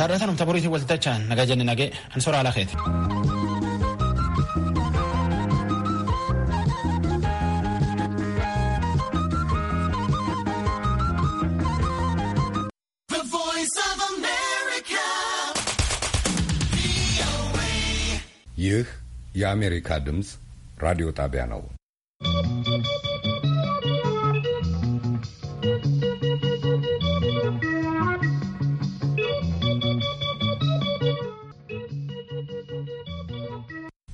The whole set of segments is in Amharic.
Sadaraasan umta boriitiin waltajaan naga jenne nage an soraa lakeeti. ይህ የአሜሪካ ድምፅ ራዲዮ ጣቢያ ነው።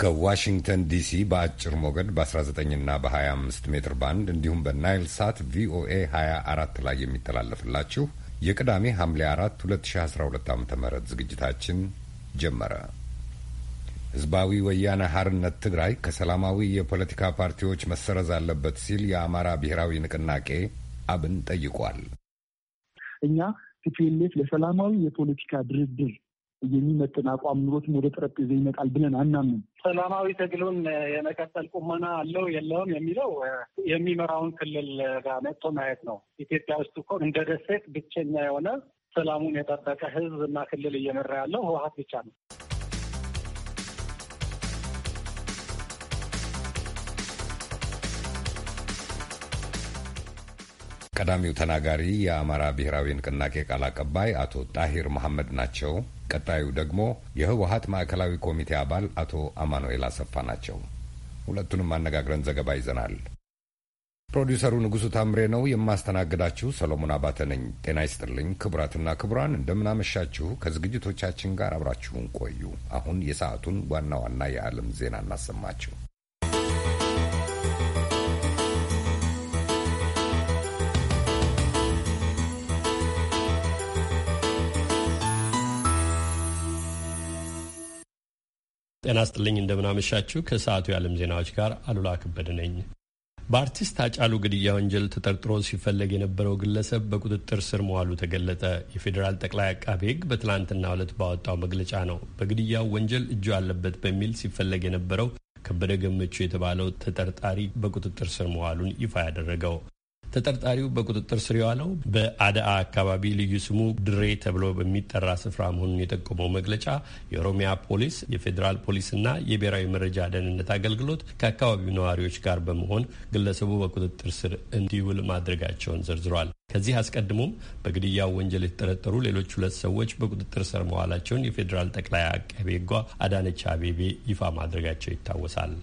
ከዋሽንግተን ዲሲ በአጭር ሞገድ በ19ና በ25 ሜትር ባንድ እንዲሁም በናይል ሳት ቪኦኤ 24 ላይ የሚተላለፍላችሁ የቅዳሜ ሐምሌ 4 2012 ዓ ም ዝግጅታችን ጀመረ። ህዝባዊ ወያነ ሐርነት ትግራይ ከሰላማዊ የፖለቲካ ፓርቲዎች መሰረዝ አለበት ሲል የአማራ ብሔራዊ ንቅናቄ አብን ጠይቋል። እኛ ቲፒኤልኤፍ ለሰላማዊ የፖለቲካ ድርድር የሚመጥን አቋም ኑሮትም ወደ ጠረጴዛ ይመጣል ብለን አናምንም። ሰላማዊ ትግሉን የመቀጠል ቁመና አለው የለውም የሚለው የሚመራውን ክልል ጋር መጥቶ ማየት ነው። ኢትዮጵያ ውስጥ እኮ እንደ ደሴት ብቸኛ የሆነ ሰላሙን የጠበቀ ህዝብ እና ክልል እየመራ ያለው ህወሀት ብቻ ነው። ቀዳሚው ተናጋሪ የአማራ ብሔራዊ ንቅናቄ ቃል አቀባይ አቶ ጣሂር መሐመድ ናቸው። ቀጣዩ ደግሞ የህወሀት ማዕከላዊ ኮሚቴ አባል አቶ አማኑኤል አሰፋ ናቸው። ሁለቱንም አነጋግረን ዘገባ ይዘናል። ፕሮዲውሰሩ ንጉሡ ታምሬ ነው የማስተናግዳችሁ። ሰሎሞን አባተ ነኝ። ጤና ይስጥልኝ ክቡራትና ክቡራን፣ እንደምናመሻችሁ። ከዝግጅቶቻችን ጋር አብራችሁን ቆዩ። አሁን የሰዓቱን ዋና ዋና የዓለም ዜና እናሰማችሁ። ጤና ስጥልኝ እንደምናመሻችሁ። ከሰዓቱ የዓለም ዜናዎች ጋር አሉላ ከበደ ነኝ። በአርቲስት አጫሉ ግድያ ወንጀል ተጠርጥሮ ሲፈለግ የነበረው ግለሰብ በቁጥጥር ስር መዋሉ ተገለጠ። የፌዴራል ጠቅላይ አቃቤ ሕግ በትላንትና ዕለት ባወጣው መግለጫ ነው በግድያው ወንጀል እጁ አለበት በሚል ሲፈለግ የነበረው ከበደ ገመቹ የተባለው ተጠርጣሪ በቁጥጥር ስር መዋሉን ይፋ ያደረገው። ተጠርጣሪው በቁጥጥር ስር የዋለው በአድአ አካባቢ ልዩ ስሙ ድሬ ተብሎ በሚጠራ ስፍራ መሆኑን የጠቆመው መግለጫ የኦሮሚያ ፖሊስ፣ የፌዴራል ፖሊስና የብሔራዊ መረጃ ደህንነት አገልግሎት ከአካባቢው ነዋሪዎች ጋር በመሆን ግለሰቡ በቁጥጥር ስር እንዲውል ማድረጋቸውን ዘርዝሯል። ከዚህ አስቀድሞም በግድያው ወንጀል የተጠረጠሩ ሌሎች ሁለት ሰዎች በቁጥጥር ስር መዋላቸውን የፌዴራል ጠቅላይ አቃቤ ሕጓ አዳነች አቤቤ ይፋ ማድረጋቸው ይታወሳል።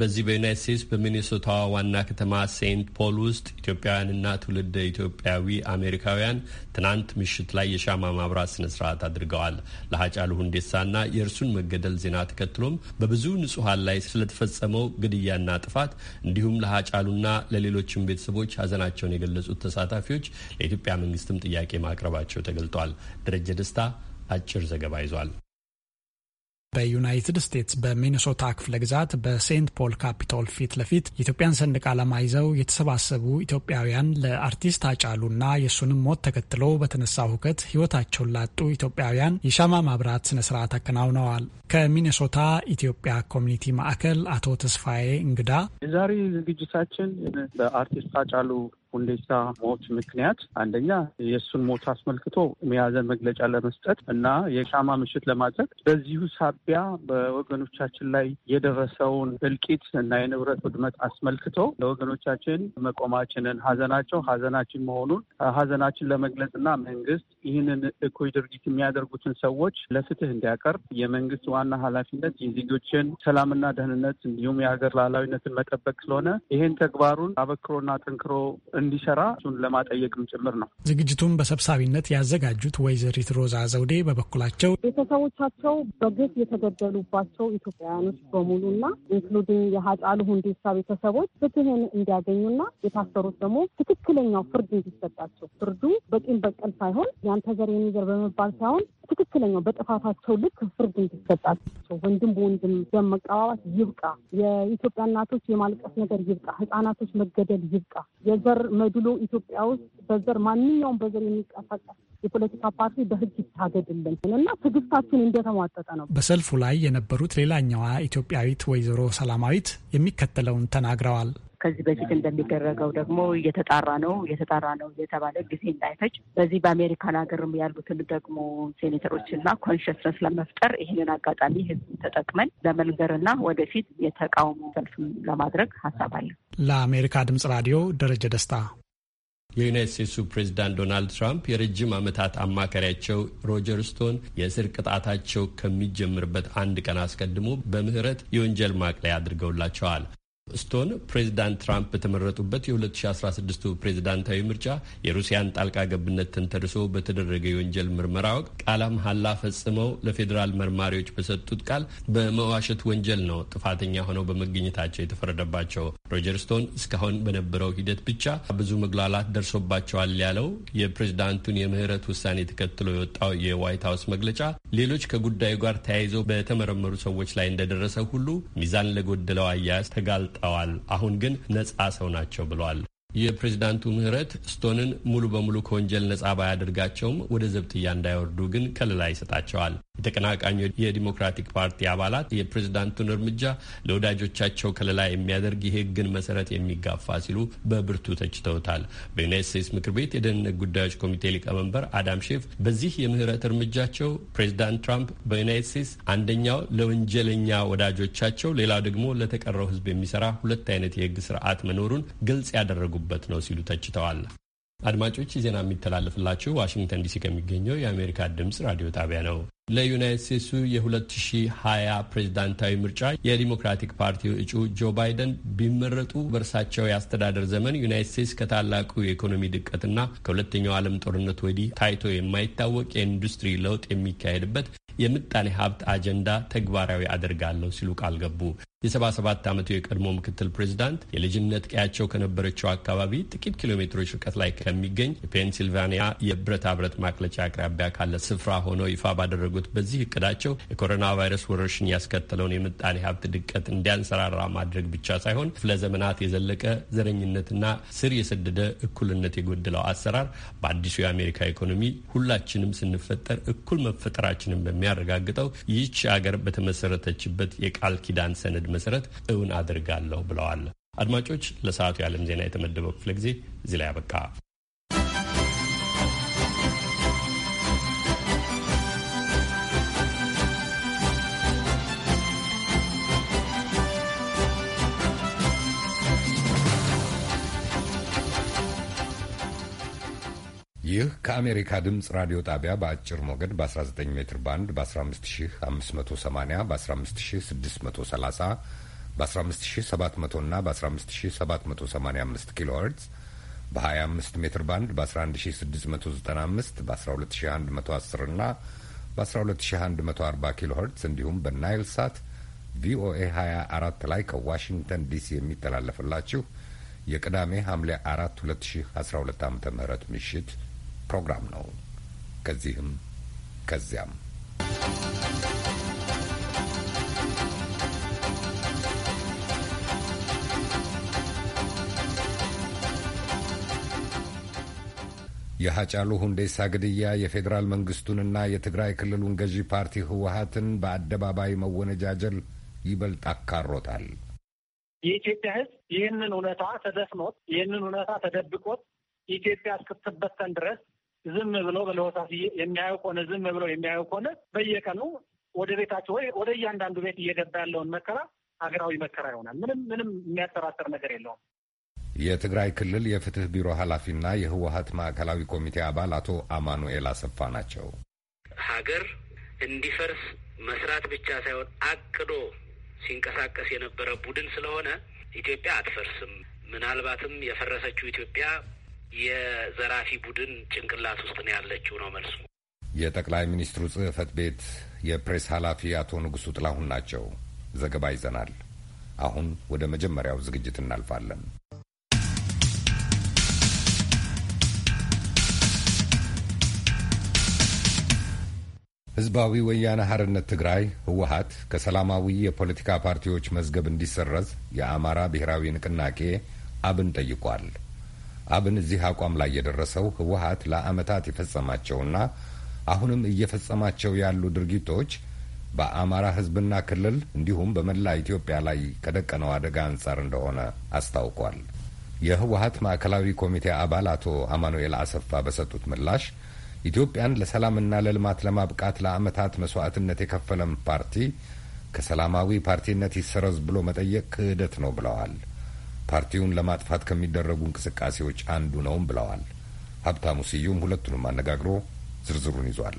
በዚህ በዩናይት ስቴትስ በሚኒሶታ ዋና ከተማ ሴንት ፖል ውስጥ ኢትዮጵያውያንና ትውልደ ኢትዮጵያዊ አሜሪካውያን ትናንት ምሽት ላይ የሻማ ማብራት ስነ ስርዓት አድርገዋል። ለሀጫሉ ሁንዴሳና የእርሱን መገደል ዜና ተከትሎም በብዙ ንጹሐን ላይ ስለተፈጸመው ግድያና ጥፋት እንዲሁም ለሀጫሉና ለሌሎችም ቤተሰቦች ሀዘናቸውን የገለጹት ተሳታፊዎች ለኢትዮጵያ መንግስትም ጥያቄ ማቅረባቸው ተገልጧል። ደረጀ ደስታ አጭር ዘገባ ይዟል። በዩናይትድ ስቴትስ በሚኒሶታ ክፍለ ግዛት በሴንት ፖል ካፒቶል ፊት ለፊት የኢትዮጵያን ሰንደቅ ዓላማ ይዘው የተሰባሰቡ ኢትዮጵያውያን ለአርቲስት አጫሉና የእሱንም ሞት ተከትሎ በተነሳው ሁከት ሕይወታቸውን ላጡ ኢትዮጵያውያን የሻማ ማብራት ስነ ስርዓት አከናውነዋል። ከሚኒሶታ ኢትዮጵያ ኮሚኒቲ ማዕከል አቶ ተስፋዬ እንግዳ የዛሬ ዝግጅታችን በአርቲስት አጫሉ ሁንዴሳ ሞት ምክንያት አንደኛ የእሱን ሞት አስመልክቶ የያዘን መግለጫ ለመስጠት እና የሻማ ምሽት ለማድረግ በዚሁ ሳቢያ በወገኖቻችን ላይ የደረሰውን እልቂት እና የንብረት ውድመት አስመልክቶ ለወገኖቻችን መቆማችንን ሀዘናቸው ሀዘናችን መሆኑን ሀዘናችን ለመግለጽ እና መንግስት ይህንን እኩይ ድርጊት የሚያደርጉትን ሰዎች ለፍትህ እንዲያቀርብ የመንግስት ዋና ኃላፊነት የዜጎችን ሰላምና ደህንነት እንዲሁም የሀገር ሉዓላዊነትን መጠበቅ ስለሆነ ይህን ተግባሩን አበክሮና ጠንክሮ እንዲሰራ እሱን ለማጠየቅም ጭምር ነው። ዝግጅቱን በሰብሳቢነት ያዘጋጁት ወይዘሪት ሮዛ ዘውዴ በበኩላቸው ቤተሰቦቻቸው በግፍ የተገደሉባቸው ኢትዮጵያውያኖች በሙሉና ኢንክሉዲንግ የሀጫሉ ሁንዴሳ ቤተሰቦች ፍትህን እንዲያገኙና የታሰሩት ደግሞ ትክክለኛው ፍርድ እንዲሰጣቸው ፍርዱ በቂም በቀል ሳይሆን ያንተ ዘር የኔ ዘር በመባል ሳይሆን ትክክለኛው በጥፋታቸው ልክ ፍርድ እንዲሰጣቸው ወንድም በወንድም ደም መቀባባት ይብቃ። የኢትዮጵያ እናቶች የማልቀስ ነገር ይብቃ። ህጻናቶች መገደል ይብቃ። የዘር መድሎ ኢትዮጵያ ውስጥ በዘር ማንኛውም በዘር የሚንቀሳቀስ የፖለቲካ ፓርቲ በህግ ይታገድልን እና ትግስታችን እንደተሟጠጠ ነው። በሰልፉ ላይ የነበሩት ሌላኛዋ ኢትዮጵያዊት ወይዘሮ ሰላማዊት የሚከተለውን ተናግረዋል። ከዚህ በፊት እንደሚደረገው ደግሞ እየተጣራ ነው እየተጣራ ነው እየተባለ ጊዜ እንዳይፈጅ በዚህ በአሜሪካን ሀገርም ያሉትን ደግሞ ሴኔተሮች ና ኮንሽስነስ ለመፍጠር ይህንን አጋጣሚ ህዝብ ተጠቅመን ለመንገርና ወደፊት የተቃውሞ ሰልፍም ለማድረግ ሀሳብ አለ። ለአሜሪካ ድምጽ ራዲዮ ደረጀ ደስታ። የዩናይት ስቴትሱ ፕሬዚዳንት ዶናልድ ትራምፕ የረጅም ዓመታት አማካሪያቸው ሮጀር ስቶን የእስር ቅጣታቸው ከሚጀምርበት አንድ ቀን አስቀድሞ በምህረት የወንጀል ማቅለያ አድርገውላቸዋል። ስቶን ፕሬዚዳንት ትራምፕ በተመረጡበት የ2016 ፕሬዚዳንታዊ ምርጫ የሩሲያን ጣልቃ ገብነት ተንተርሶ በተደረገ የወንጀል ምርመራ ወቅት ቃለ መሐላ ፈጽመው ለፌዴራል መርማሪዎች በሰጡት ቃል በመዋሸት ወንጀል ነው ጥፋተኛ ሆነው በመገኘታቸው የተፈረደባቸው። ሮጀር ስቶን እስካሁን በነበረው ሂደት ብቻ ብዙ መጉላላት ደርሶባቸዋል ያለው የፕሬዚዳንቱን የምህረት ውሳኔ ተከትሎ የወጣው የዋይት ሀውስ መግለጫ ሌሎች ከጉዳዩ ጋር ተያይዘው በተመረመሩ ሰዎች ላይ እንደደረሰ ሁሉ ሚዛን ለጎደለው አያያዝ ተጋልጠ ተለውጠዋል፣ አሁን ግን ነጻ ሰው ናቸው ብሏል። የፕሬዚዳንቱ ምህረት ስቶንን ሙሉ በሙሉ ከወንጀል ነጻ ባያደርጋቸውም ወደ ዘብጥያ እንዳይወርዱ ግን ከለላ ይሰጣቸዋል። ተቀናቃኙ የዲሞክራቲክ ፓርቲ አባላት የፕሬዝዳንቱን እርምጃ ለወዳጆቻቸው ከለላ የሚያደርግ የሕግን መሰረት የሚጋፋ ሲሉ በብርቱ ተችተውታል። በዩናይት ስቴትስ ምክር ቤት የደህንነት ጉዳዮች ኮሚቴ ሊቀመንበር አዳም ሼፍ በዚህ የምህረት እርምጃቸው ፕሬዝዳንት ትራምፕ በዩናይት ስቴትስ አንደኛው ለወንጀለኛ ወዳጆቻቸው፣ ሌላው ደግሞ ለተቀረው ሕዝብ የሚሰራ ሁለት አይነት የሕግ ስርዓት መኖሩን ግልጽ ያደረጉበት ነው ሲሉ ተችተዋል። አድማጮች ዜና የሚተላለፍላችሁ ዋሽንግተን ዲሲ ከሚገኘው የአሜሪካ ድምጽ ራዲዮ ጣቢያ ነው። ለዩናይት ስቴትሱ የ2020 ፕሬዝዳንታዊ ምርጫ የዲሞክራቲክ ፓርቲው እጩ ጆ ባይደን ቢመረጡ በእርሳቸው የአስተዳደር ዘመን ዩናይት ስቴትስ ከታላቁ የኢኮኖሚ ድቀትና ከሁለተኛው ዓለም ጦርነት ወዲህ ታይቶ የማይታወቅ የኢንዱስትሪ ለውጥ የሚካሄድበት የምጣኔ ሀብት አጀንዳ ተግባራዊ አደርጋለሁ ሲሉ ቃል ገቡ። የ77 ዓመቱ የቀድሞ ምክትል ፕሬዚዳንት የልጅነት ቀያቸው ከነበረችው አካባቢ ጥቂት ኪሎ ሜትሮች ርቀት ላይ ከሚገኝ የፔንሲልቫኒያ የብረታ ብረት ማቅለጫ አቅራቢያ ካለ ስፍራ ሆነው ይፋ ባደረጉት ባደረጉት በዚህ እቅዳቸው የኮሮና ቫይረስ ወረርሽኝ ያስከተለውን የምጣኔ ሀብት ድቀት እንዲያንሰራራ ማድረግ ብቻ ሳይሆን ክፍለ ዘመናት የዘለቀ ዘረኝነትና ስር የሰደደ እኩልነት የጎደለው አሰራር በአዲሱ የአሜሪካ ኢኮኖሚ ሁላችንም ስንፈጠር እኩል መፈጠራችንን በሚያረጋግጠው ይህች ሀገር በተመሰረተችበት የቃል ኪዳን ሰነድ መሰረት እውን አድርጋለሁ ብለዋል። አድማጮች፣ ለሰዓቱ የዓለም ዜና የተመደበው ክፍለ ጊዜ እዚህ ላይ አበቃ። ይህ ከአሜሪካ ድምፅ ራዲዮ ጣቢያ በአጭር ሞገድ በ19 ሜትር ባንድ በ15580 በ15630 በ15700 እና በ15785 ኪሎ በ25 ሜትር ባንድ በ11695 በ12110 እና በ12140 ኪሎ እንዲሁም በናይል ሳት ቪኦኤ 24 ላይ ከዋሽንግተን ዲሲ የሚተላለፍላችሁ የቅዳሜ ሐምሌ 4 2012 ዓ.ም ምሽት ፕሮግራም ነው። ከዚህም ከዚያም የሐጫሉ ሁንዴሳ ግድያ የፌዴራል መንግስቱንና የትግራይ ክልሉን ገዢ ፓርቲ ህወሀትን በአደባባይ መወነጃጀል ይበልጥ አካሮታል። የኢትዮጵያ ህዝብ ይህንን እውነታ ተደፍኖት፣ ይህንን እውነታ ተደብቆት ኢትዮጵያ እስክትበተን ድረስ ዝም ብለው በለሆሳስ የሚያዩ ከሆነ ዝም ብለው የሚያዩ ከሆነ በየቀኑ ወደ ቤታቸው ወይ ወደ እያንዳንዱ ቤት እየገባ ያለውን መከራ ሀገራዊ መከራ ይሆናል። ምንም ምንም የሚያጠራጥር ነገር የለውም። የትግራይ ክልል የፍትህ ቢሮ ኃላፊና የህወሀት ማዕከላዊ ኮሚቴ አባል አቶ አማኑኤል አሰፋ ናቸው። ሀገር እንዲፈርስ መስራት ብቻ ሳይሆን አቅዶ ሲንቀሳቀስ የነበረ ቡድን ስለሆነ ኢትዮጵያ አትፈርስም። ምናልባትም የፈረሰችው ኢትዮጵያ የዘራፊ ቡድን ጭንቅላት ውስጥ ነው ያለችው ነው መልሱ። የጠቅላይ ሚኒስትሩ ጽህፈት ቤት የፕሬስ ኃላፊ አቶ ንጉሱ ጥላሁን ናቸው። ዘገባ ይዘናል። አሁን ወደ መጀመሪያው ዝግጅት እናልፋለን። ህዝባዊ ወያነ ሐርነት ትግራይ ህወሀት ከሰላማዊ የፖለቲካ ፓርቲዎች መዝገብ እንዲሰረዝ የአማራ ብሔራዊ ንቅናቄ አብን ጠይቋል። አብን እዚህ አቋም ላይ የደረሰው ህወሀት ለአመታት የፈጸማቸውና አሁንም እየፈጸማቸው ያሉ ድርጊቶች በአማራ ህዝብና ክልል እንዲሁም በመላ ኢትዮጵያ ላይ ከደቀነው አደጋ አንጻር እንደሆነ አስታውቋል። የህወሀት ማዕከላዊ ኮሚቴ አባል አቶ አማኑኤል አሰፋ በሰጡት ምላሽ ኢትዮጵያን ለሰላምና ለልማት ለማብቃት ለአመታት መስዋዕትነት የከፈለም ፓርቲ ከሰላማዊ ፓርቲነት ይሰረዝ ብሎ መጠየቅ ክህደት ነው ብለዋል። ፓርቲውን ለማጥፋት ከሚደረጉ እንቅስቃሴዎች አንዱ ነውም ብለዋል። ሀብታሙ ስዩም ሁለቱንም አነጋግሮ ዝርዝሩን ይዟል።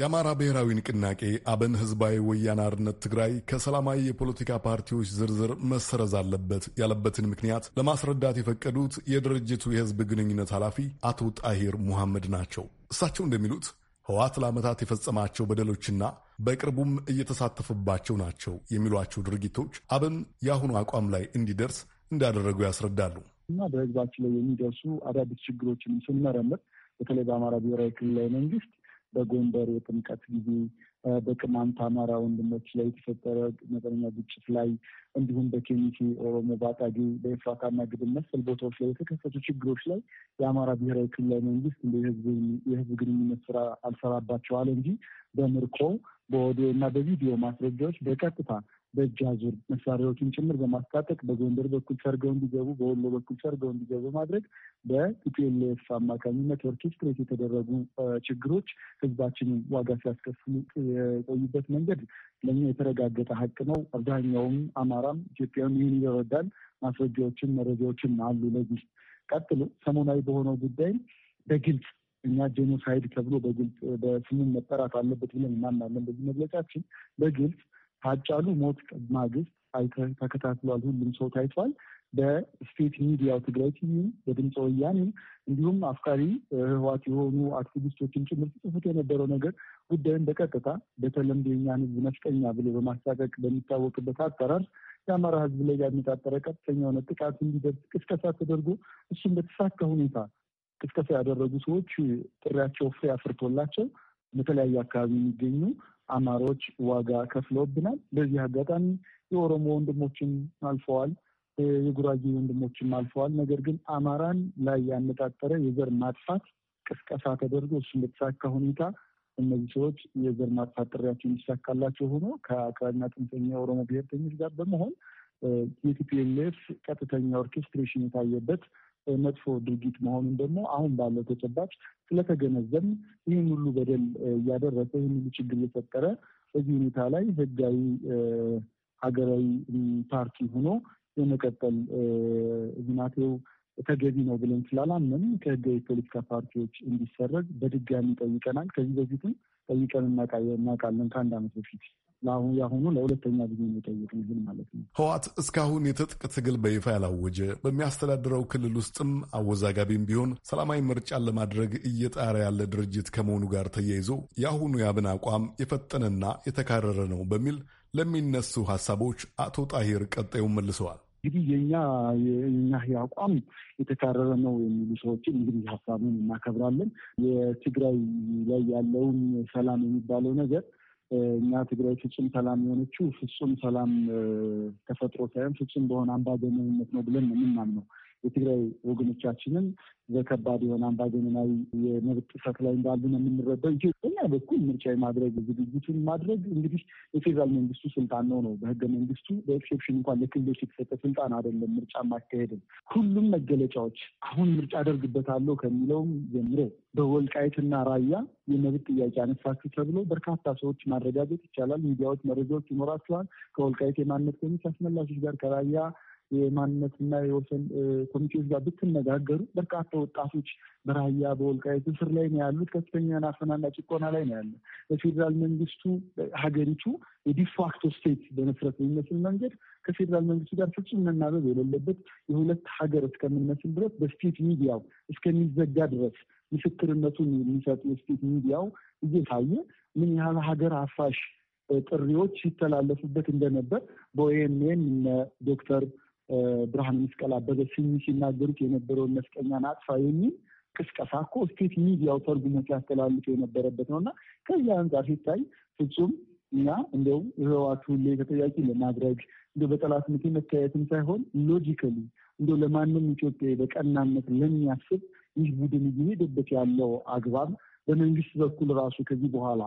የአማራ ብሔራዊ ንቅናቄ አብን ህዝባዊ ወያነ አርነት ትግራይ ከሰላማዊ የፖለቲካ ፓርቲዎች ዝርዝር መሰረዝ አለበት ያለበትን ምክንያት ለማስረዳት የፈቀዱት የድርጅቱ የህዝብ ግንኙነት ኃላፊ አቶ ጣሂር ሙሐመድ ናቸው። እሳቸው እንደሚሉት ህወሓት ለዓመታት የፈጸማቸው በደሎችና በቅርቡም እየተሳተፈባቸው ናቸው የሚሏቸው ድርጊቶች አብን የአሁኑ አቋም ላይ እንዲደርስ እንዳደረጉ ያስረዳሉ። እና በህዝባችን ላይ የሚደርሱ አዳዲስ ችግሮችንም ስንመረምር በተለይ በአማራ ብሔራዊ ክልላዊ መንግስት በጎንደር የጥምቀት ጊዜ በቅማንት አማራ ወንድሞች ላይ የተፈጠረ መጠነኛ ግጭት ላይ እንዲሁም በኬሚሴ ኦሮሞ፣ በአጣጌ፣ በኤፍራታና ግድም መሰል ቦታዎች ላይ የተከሰቱ ችግሮች ላይ የአማራ ብሔራዊ ክልላዊ መንግስት እንደ የህዝብ ግንኙነት ስራ አልሰራባቸዋል እንጂ በምርኮ በኦዲዮ እና በቪዲዮ ማስረጃዎች በቀጥታ በእጅ አዙር መሳሪያዎችን ጭምር በማስታጠቅ በጎንደር በኩል ሰርገው እንዲገቡ፣ በወሎ በኩል ሰርገው እንዲገቡ በማድረግ በቲፒኤልኤፍ አማካኝነት ኦርኬስትሬት የተደረጉ ችግሮች ህዝባችንን ዋጋ ሲያስከፍሉ የቆዩበት መንገድ ለኛ የተረጋገጠ ሀቅ ነው። አብዛኛውም አማራም ኢትዮጵያም ይህን ይረዳል። ማስረጃዎችን መረጃዎችን አሉ። ለዚህ ቀጥሎ ሰሞናዊ በሆነው ጉዳይም በግልጽ እኛ ጄኖሳይድ ተብሎ በግልጽ በስሙን መጠራት አለበት ብለን እናምናለን። በዚህ መግለጫችን በግልጽ ሀጫሉ ሞት ማግስት አይተ ተከታትሏል። ሁሉም ሰው ታይቷል። በስቴት ሚዲያው ትግራይ ቲቪ፣ በድምፀ ወያኔ እንዲሁም አፍቃሪ ህዋት የሆኑ አክቲቪስቶችን ጭምር ጽፉት የነበረው ነገር ጉዳይን በቀጥታ በተለምዶ የኛን ህዝብ ነፍጠኛ ብሎ በማስታቀቅ በሚታወቅበት አጠራር የአማራ ህዝብ ላይ ያነጣጠረ ቀጥተኛ የሆነ ጥቃት እንዲደርስ ቅስቀሳ ተደርጎ እሱም በተሳካ ሁኔታ ቅስቀሳ ያደረጉ ሰዎች ጥሪያቸው ፍሬ አፍርቶላቸው በተለያዩ አካባቢ የሚገኙ አማሮች ዋጋ ከፍለውብናል። በዚህ አጋጣሚ የኦሮሞ ወንድሞችም አልፈዋል፣ የጉራጌ ወንድሞችም አልፈዋል። ነገር ግን አማራን ላይ ያነጣጠረ የዘር ማጥፋት ቅስቀሳ ተደርጎ እሱ እንደተሳካ ሁኔታ እነዚህ ሰዎች የዘር ማጥፋት ጥሪያቸው የሚሳካላቸው ሆኖ ከአክራሪና ጽንፈኛ የኦሮሞ ብሔርተኞች ጋር በመሆን የቲፒኤልኤፍ ቀጥተኛ ኦርኬስትሬሽን የታየበት መጥፎ ድርጊት መሆኑን ደግሞ አሁን ባለው ተጨባጭ ስለተገነዘብ ይህን ሁሉ በደል እያደረሰ ይህን ሁሉ ችግር እየፈጠረ በዚህ ሁኔታ ላይ ህጋዊ ሀገራዊ ፓርቲ ሆኖ የመቀጠል ዝናቴው ተገቢ ነው ብለን ስላላምን ከህጋዊ ፖለቲካ ፓርቲዎች እንዲሰረግ በድጋሚ ጠይቀናል። ከዚህ በፊትም ጠይቀን እናቃለን ከአንድ ዓመት በፊት ለአሁኑ የአሁኑ ለሁለተኛ ጊዜ የሚጠይቅ ማለት ነው። ህዋት እስካሁን የትጥቅ ትግል በይፋ ያላወጀ በሚያስተዳድረው ክልል ውስጥም አወዛጋቢም ቢሆን ሰላማዊ ምርጫን ለማድረግ እየጣረ ያለ ድርጅት ከመሆኑ ጋር ተያይዞ የአሁኑ የአብን አቋም የፈጠነና የተካረረ ነው በሚል ለሚነሱ ሀሳቦች አቶ ጣሂር ቀጣዩን መልሰዋል። እንግዲህ የኛ የኛ አቋም የተካረረ ነው የሚሉ ሰዎችን እንግዲህ ሀሳቡን እናከብራለን። የትግራይ ላይ ያለውን ሰላም የሚባለው ነገር እኛ ትግራይ ፍጹም ሰላም የሆነችው ፍጹም ሰላም ተፈጥሮ ሳይሆን ፍጹም በሆነ አምባገነንነት ነው ብለን ነው የምናምነው። የትግራይ ወገኖቻችንን በከባድ የሆነ አምባገነናዊ የመብት ጥሰት ላይ እንዳሉ ነው የምንረዳው። ኢትዮጵያ በኩል ምርጫ የማድረግ ዝግጅቱን ማድረግ እንግዲህ የፌዴራል መንግስቱ ስልጣን ነው ነው በህገ መንግስቱ በኤክሴፕሽን እንኳን ለክልሎች የተሰጠ ስልጣን አይደለም። ምርጫ ማካሄድም ሁሉም መገለጫዎች አሁን ምርጫ አደርግበታለሁ ከሚለውም ጀምሮ በወልቃይትና ራያ የመብት ጥያቄ አነሳችሁ ተብሎ በርካታ ሰዎች ማረጋገጥ ይቻላል። ሚዲያዎች መረጃዎች ይኖራችኋል። ከወልቃይት የማንነት ኮሚቴ አስመላሾች ጋር ከራያ የማንነትና የወሰን ኮሚቴዎች ጋር ብትነጋገሩ በርካታ ወጣቶች በራያ በወልቃይት እስር ላይ ነው ያሉት። ከፍተኛ አፈናና ጭቆና ላይ ነው ያለ። በፌዴራል መንግስቱ ሀገሪቱ የዲፋክቶ ስቴት በመስረት የሚመስል መንገድ ከፌዴራል መንግስቱ ጋር ፍጹም መናበብ የሌለበት የሁለት ሀገር እስከምንመስል ድረስ በስቴት ሚዲያው እስከሚዘጋ ድረስ ምስክርነቱን የሚሰጥ የስቴት ሚዲያው እየታየ ምን ያህል ሀገር አፋሽ ጥሪዎች ሲተላለፉበት እንደነበር በኦኤምኤን ዶክተር ብርሃን መስቀል አበበ ስኝ ሲናገሩት የነበረውን መስቀኛን አጥፋ የሚል ቅስቀሳ እኮ ስቴት ሚዲያው ተርጉሞ ሲያስተላልፍ የነበረበት ነው እና ከዚህ አንጻር ሲታይ ፍጹም እና እንደውም ህዋቱ ሁሌ ተጠያቂ ለማድረግ እንደ በጠላትነት መታየትም ሳይሆን ሎጂካሊ እንደ ለማንም ኢትዮጵያ በቀናነት ለሚያስብ ይህ ቡድን እየሄደበት ያለው አግባብ በመንግስት በኩል ራሱ ከዚህ በኋላ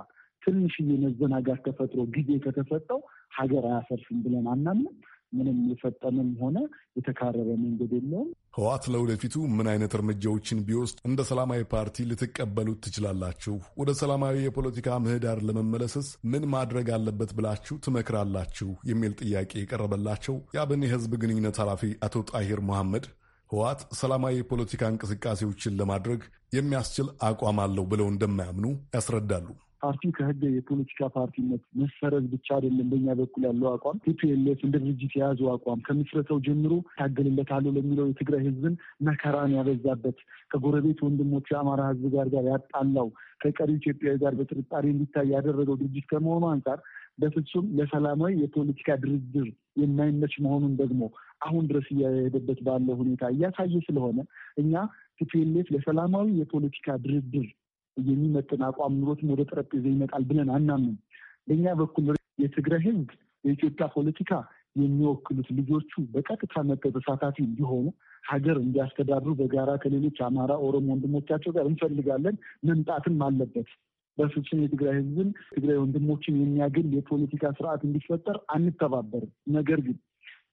ትንሽ የመዘናጋት ተፈጥሮ ጊዜ ከተሰጠው ሀገር አያሰርፍም ብለን አናምንም። ምንም የፈጠንም ሆነ የተካረረ መንገድ የለውም። ህወሓት ለወደፊቱ ምን አይነት እርምጃዎችን ቢወስድ እንደ ሰላማዊ ፓርቲ ልትቀበሉት ትችላላችሁ? ወደ ሰላማዊ የፖለቲካ ምህዳር ለመመለስስ ምን ማድረግ አለበት ብላችሁ ትመክራላችሁ? የሚል ጥያቄ የቀረበላቸው የአብን የህዝብ ግንኙነት ኃላፊ አቶ ጣሂር መሐመድ ህወሓት ሰላማዊ የፖለቲካ እንቅስቃሴዎችን ለማድረግ የሚያስችል አቋም አለው ብለው እንደማያምኑ ያስረዳሉ። ፓርቲው ከህገ የፖለቲካ ፓርቲነት መሰረዝ ብቻ አይደለም። በኛ በኩል ያለው አቋም ቲፒኤልኤፍ እንደ ድርጅት የያዘው አቋም ከምስረተው ጀምሮ ታገልለታለሁ ለሚለው የትግራይ ህዝብን መከራን ያበዛበት ከጎረቤት ወንድሞች የአማራ ህዝብ ጋር ጋር ያጣላው ከቀሪው ኢትዮጵያዊ ጋር በጥርጣሬ እንዲታይ ያደረገው ድርጅት ከመሆኑ አንጻር በፍጹም ለሰላማዊ የፖለቲካ ድርድር የማይመች መሆኑን ደግሞ አሁን ድረስ እያሄደበት ባለው ሁኔታ እያሳየ ስለሆነ እኛ ቲፒኤልኤፍ ለሰላማዊ የፖለቲካ ድርድር የሚመጥን አቋም ኑሮት ወደ ጠረጴዛ ይመጣል ብለን አናምን። በእኛ በኩል የትግራይ ህዝብ የኢትዮጵያ ፖለቲካ የሚወክሉት ልጆቹ በቀጥታ መጥተው ተሳታፊ እንዲሆኑ ሀገር እንዲያስተዳድሩ በጋራ ከሌሎች አማራ፣ ኦሮሞ ወንድሞቻቸው ጋር እንፈልጋለን። መምጣትም አለበት። በፍጹም የትግራይ ህዝብን ትግራይ ወንድሞችን የሚያገል የፖለቲካ ስርዓት እንዲፈጠር አንተባበርም። ነገር ግን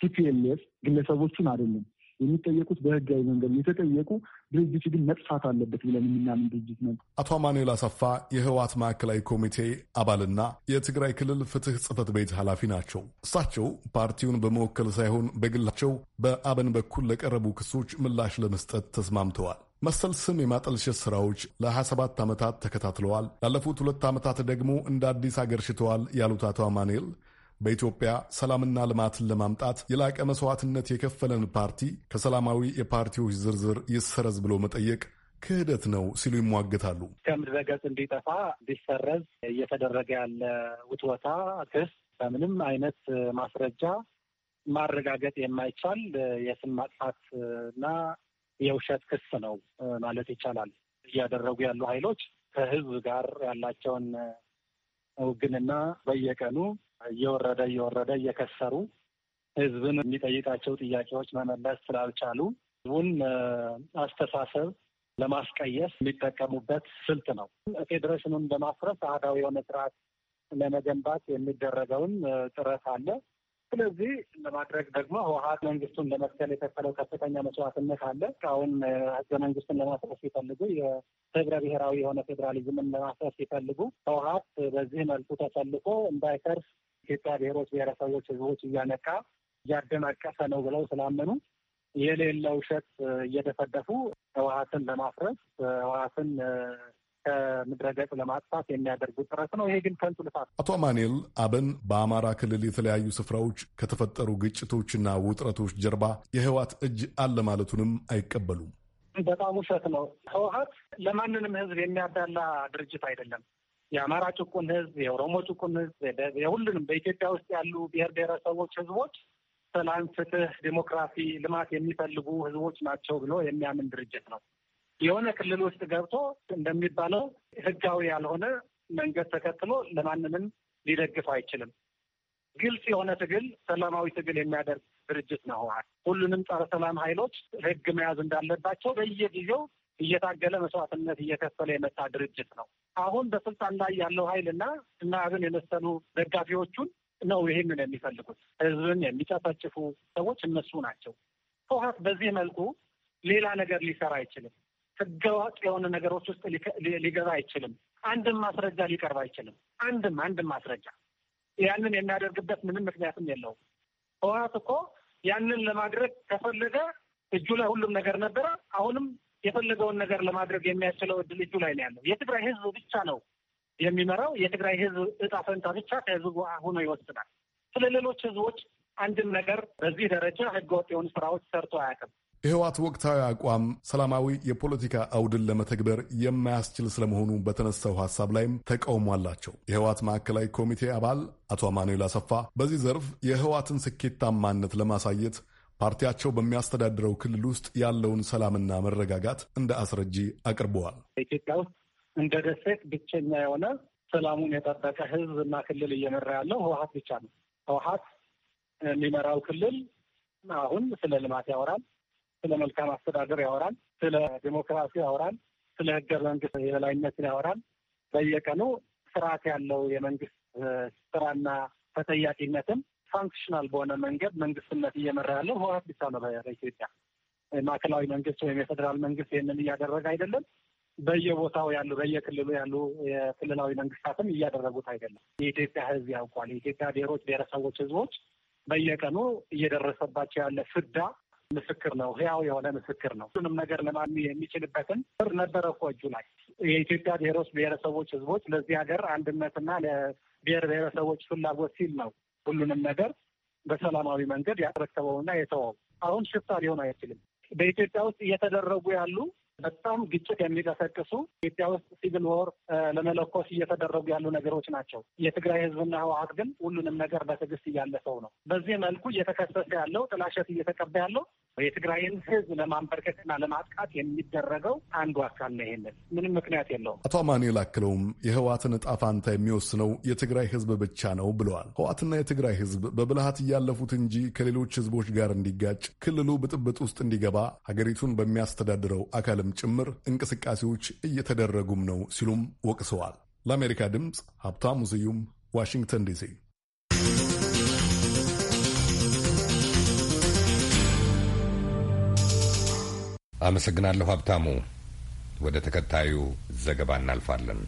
ቲፒኤልኤፍ ግለሰቦቹን አይደለም የሚጠየቁት በህጋዊ መንገድ የተጠየቁ ድርጅት ግን መጥፋት አለበት ብለን የምናምን ድርጅት ነው። አቶ አማኑኤል አሰፋ የህወሓት ማዕከላዊ ኮሚቴ አባልና የትግራይ ክልል ፍትህ ጽህፈት ቤት ኃላፊ ናቸው። እሳቸው ፓርቲውን በመወከል ሳይሆን በግላቸው በአብን በኩል ለቀረቡ ክሶች ምላሽ ለመስጠት ተስማምተዋል። መሰል ስም የማጠልሸት ስራዎች ለ27 ዓመታት ተከታትለዋል። ላለፉት ሁለት ዓመታት ደግሞ እንደ አዲስ አገርሽተዋል ያሉት አቶ አማኔል በኢትዮጵያ ሰላምና ልማትን ለማምጣት የላቀ መስዋዕትነት የከፈለን ፓርቲ ከሰላማዊ የፓርቲዎች ዝርዝር ይሰረዝ ብሎ መጠየቅ ክህደት ነው ሲሉ ይሟገታሉ። ከምድረ ገጽ እንዲጠፋ እንዲሰረዝ እየተደረገ ያለ ውትወታ፣ ክስ በምንም አይነት ማስረጃ ማረጋገጥ የማይቻል የስም ማጥፋት እና የውሸት ክስ ነው ማለት ይቻላል። እያደረጉ ያሉ ኃይሎች ከህዝብ ጋር ያላቸውን ውግንና በየቀኑ እየወረደ እየወረደ እየከሰሩ ህዝብን የሚጠይቃቸው ጥያቄዎች መመለስ ስላልቻሉ ህዝቡን አስተሳሰብ ለማስቀየስ የሚጠቀሙበት ስልት ነው። ፌዴሬሽኑን በማፍረስ አህዳዊ የሆነ ስርዓት ለመገንባት የሚደረገውን ጥረት አለ። ስለዚህ ለማድረግ ደግሞ ህወሀት መንግስቱን ለመትከል የከፈለው ከፍተኛ መስዋዕትነት አለ። አሁን ህገ መንግስቱን ለማፍረስ ሲፈልጉ የህብረ ብሔራዊ የሆነ ፌዴራሊዝምን ለማፍረስ ሲፈልጉ ህወሀት በዚህ መልኩ ተሰልፎ እንዳይከርስ የኢትዮጵያ ብሔሮች ብሔረሰቦች ህዝቦች እያነቃ እያደናቀፈ ነው ብለው ስላመኑ የሌለ ውሸት እየደፈደፉ ህወሀትን ለማፍረስ ህወሀትን ከምድረገጽ ለማጥፋት የሚያደርጉ ጥረት ነው። ይሄ ግን ከንቱ ልፋት። አቶ አማኑኤል አብን በአማራ ክልል የተለያዩ ስፍራዎች ከተፈጠሩ ግጭቶችና ውጥረቶች ጀርባ የህወሀት እጅ አለ ማለቱንም አይቀበሉም። በጣም ውሸት ነው። ህወሀት ለማንንም ህዝብ የሚያዳላ ድርጅት አይደለም። የአማራ ጭቁን ህዝብ፣ የኦሮሞ ጭቁን ህዝብ፣ የሁሉንም በኢትዮጵያ ውስጥ ያሉ ብሔር ብሔረሰቦች ህዝቦች ሰላም፣ ፍትህ፣ ዴሞክራሲ፣ ልማት የሚፈልጉ ህዝቦች ናቸው ብሎ የሚያምን ድርጅት ነው። የሆነ ክልል ውስጥ ገብቶ እንደሚባለው ህጋዊ ያልሆነ መንገድ ተከትሎ ለማንንም ሊደግፍ አይችልም። ግልጽ የሆነ ትግል፣ ሰላማዊ ትግል የሚያደርግ ድርጅት ነው። ሁሉንም ጸረ ሰላም ኃይሎች ህግ መያዝ እንዳለባቸው በየጊዜው እየታገለ መስዋዕትነት እየከፈለ የመጣ ድርጅት ነው። አሁን በስልጣን ላይ ያለው ኃይልና እና አብን የመሰሉ ደጋፊዎቹን ነው ይህንን የሚፈልጉት። ህዝብን የሚጨፈጭፉ ሰዎች እነሱ ናቸው። ህወሓት በዚህ መልኩ ሌላ ነገር ሊሰራ አይችልም። ህገወጥ የሆነ ነገሮች ውስጥ ሊገባ አይችልም። አንድም ማስረጃ ሊቀርብ አይችልም። አንድም አንድም ማስረጃ ያንን የሚያደርግበት ምንም ምክንያትም የለውም። ህወሓት እኮ ያንን ለማድረግ ከፈለገ እጁ ላይ ሁሉም ነገር ነበረ። አሁንም የፈለገውን ነገር ለማድረግ የሚያስችለው እድል እጁ ላይ ነው ያለው። የትግራይ ህዝብ ብቻ ነው የሚመራው። የትግራይ ህዝብ እጣ ፈንታ ብቻ ከህዝቡ ሆኖ ይወስናል። ስለ ሌሎች ህዝቦች አንድም ነገር በዚህ ደረጃ ህገወጥ የሆኑ ስራዎች ሰርቶ አያውቅም። የህወሓት ወቅታዊ አቋም ሰላማዊ የፖለቲካ አውድን ለመተግበር የማያስችል ስለመሆኑ በተነሳው ሀሳብ ላይም ተቃውሞ አላቸው። የህወሓት ማዕከላዊ ኮሚቴ አባል አቶ አማኑኤል አሰፋ በዚህ ዘርፍ የህወሓትን ስኬታማነት ለማሳየት ፓርቲያቸው በሚያስተዳድረው ክልል ውስጥ ያለውን ሰላምና መረጋጋት እንደ አስረጂ አቅርበዋል። ኢትዮጵያ ውስጥ እንደ ደሴት ብቸኛ የሆነ ሰላሙን የጠበቀ ህዝብ እና ክልል እየመራ ያለው ህወሀት ብቻ ነው። ህወሀት የሚመራው ክልል አሁን ስለ ልማት ያወራል፣ ስለ መልካም አስተዳደር ያወራል፣ ስለ ዲሞክራሲ ያወራል፣ ስለ ህገ መንግስት የበላይነትን ያወራል። በየቀኑ ስርዓት ያለው የመንግስት ስራና ተጠያቂነትን ፋንክሽናል በሆነ መንገድ መንግስትነት እየመራ ያለው ህወሓት ብቻ ነው በኢትዮጵያ። ማዕከላዊ መንግስት ወይም የፌዴራል መንግስት ይህንን እያደረገ አይደለም። በየቦታው ያሉ በየክልሉ ያሉ የክልላዊ መንግስታትም እያደረጉት አይደለም። የኢትዮጵያ ህዝብ ያውቋል። የኢትዮጵያ ብሔሮች፣ ብሔረሰቦች፣ ህዝቦች በየቀኑ እየደረሰባቸው ያለ ፍዳ ምስክር ነው። ህያው የሆነ ምስክር ነው። ሁሉንም ነገር ለማን የሚችልበትን ብር ነበረ እኮ እጁ ላይ። የኢትዮጵያ ብሔሮች፣ ብሔረሰቦች፣ ህዝቦች ለዚህ ሀገር አንድነትና ለብሔር ብሔረሰቦች ፍላጎት ሲል ነው ሁሉንም ነገር በሰላማዊ መንገድ ያስረከበውና የተወው አሁን ሽፍታ ሊሆን አይችልም። በኢትዮጵያ ውስጥ እየተደረጉ ያሉ በጣም ግጭት የሚቀሰቅሱ ኢትዮጵያ ውስጥ ሲቪል ወር ለመለኮስ እየተደረጉ ያሉ ነገሮች ናቸው። የትግራይ ህዝብና ህወሀት ግን ሁሉንም ነገር በትዕግስት እያለፈው ነው። በዚህ መልኩ እየተከሰሰ ያለው ጥላሸት እየተቀባ ያለው የትግራይን ህዝብ ለማንበርከትና ለማጥቃት የሚደረገው አንዱ አካል ነው። ይሄንን ምንም ምክንያት የለውም። አቶ አማኑኤል አክለውም የህወሀትን እጣ ፋንታ የሚወስነው የትግራይ ህዝብ ብቻ ነው ብለዋል። ህወሀትና የትግራይ ህዝብ በብልሃት እያለፉት እንጂ ከሌሎች ህዝቦች ጋር እንዲጋጭ፣ ክልሉ ብጥብጥ ውስጥ እንዲገባ ሀገሪቱን በሚያስተዳድረው አካል ለማስቀደም ጭምር እንቅስቃሴዎች እየተደረጉም ነው ሲሉም ወቅሰዋል። ለአሜሪካ ድምፅ ሀብታሙ ስዩም ዋሽንግተን ዲሲ። አመሰግናለሁ ሀብታሙ። ወደ ተከታዩ ዘገባ እናልፋለን።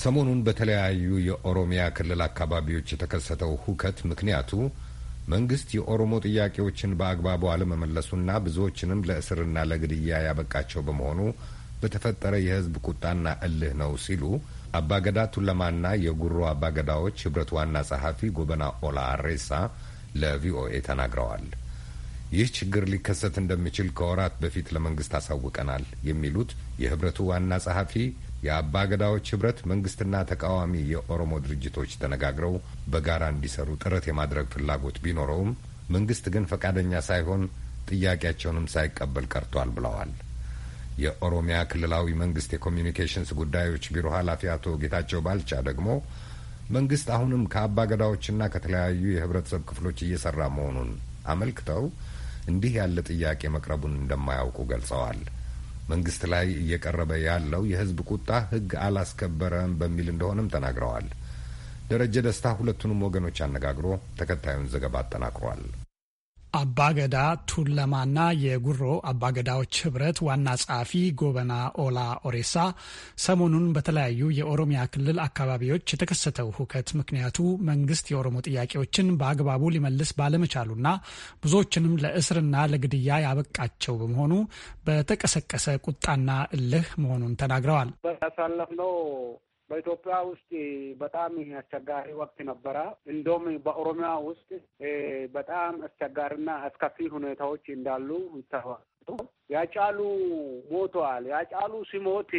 ሰሞኑን በተለያዩ የኦሮሚያ ክልል አካባቢዎች የተከሰተው ሁከት ምክንያቱ መንግስት የኦሮሞ ጥያቄዎችን በአግባቡ አለመመለሱና ብዙዎችንም ለእስርና ለግድያ ያበቃቸው በመሆኑ በተፈጠረ የህዝብ ቁጣና እልህ ነው ሲሉ አባገዳ ቱለማና የጉሮ አባገዳዎች ህብረት ዋና ጸሐፊ ጎበና ኦላ ሬሳ ለቪኦኤ ተናግረዋል። ይህ ችግር ሊከሰት እንደሚችል ከወራት በፊት ለመንግስት አሳውቀናል የሚሉት የህብረቱ ዋና ጸሐፊ የአባ ገዳዎች ህብረት መንግስትና ተቃዋሚ የኦሮሞ ድርጅቶች ተነጋግረው በጋራ እንዲሰሩ ጥረት የማድረግ ፍላጎት ቢኖረውም መንግስት ግን ፈቃደኛ ሳይሆን ጥያቄያቸውንም ሳይቀበል ቀርቷል ብለዋል። የኦሮሚያ ክልላዊ መንግስት የኮሚዩኒኬሽንስ ጉዳዮች ቢሮ ኃላፊ አቶ ጌታቸው ባልቻ ደግሞ መንግስት አሁንም ከአባ ገዳዎችና ከተለያዩ የህብረተሰብ ክፍሎች እየሰራ መሆኑን አመልክተው እንዲህ ያለ ጥያቄ መቅረቡን እንደማያውቁ ገልጸዋል። መንግስት ላይ እየቀረበ ያለው የህዝብ ቁጣ ህግ አላስከበረም በሚል እንደሆነም ተናግረዋል። ደረጀ ደስታ ሁለቱንም ወገኖች አነጋግሮ ተከታዩን ዘገባ አጠናቅሯል። አባገዳ ቱለማና የጉሮ አባገዳዎች ህብረት ዋና ጸሐፊ ጎበና ኦላ ኦሬሳ ሰሞኑን በተለያዩ የኦሮሚያ ክልል አካባቢዎች የተከሰተው ሁከት ምክንያቱ መንግስት የኦሮሞ ጥያቄዎችን በአግባቡ ሊመልስ ባለመቻሉና ብዙዎችንም ለእስርና ለግድያ ያበቃቸው በመሆኑ በተቀሰቀሰ ቁጣና እልህ መሆኑን ተናግረዋል። በያሳለፍነው በኢትዮጵያ ውስጥ በጣም አስቸጋሪ ወቅት ነበረ። እንደውም በኦሮሚያ ውስጥ በጣም አስቸጋሪና አስከፊ ሁኔታዎች እንዳሉ ይታወቃሉ። ያጫሉ ሞተዋል። ያጫሉ ሲሞት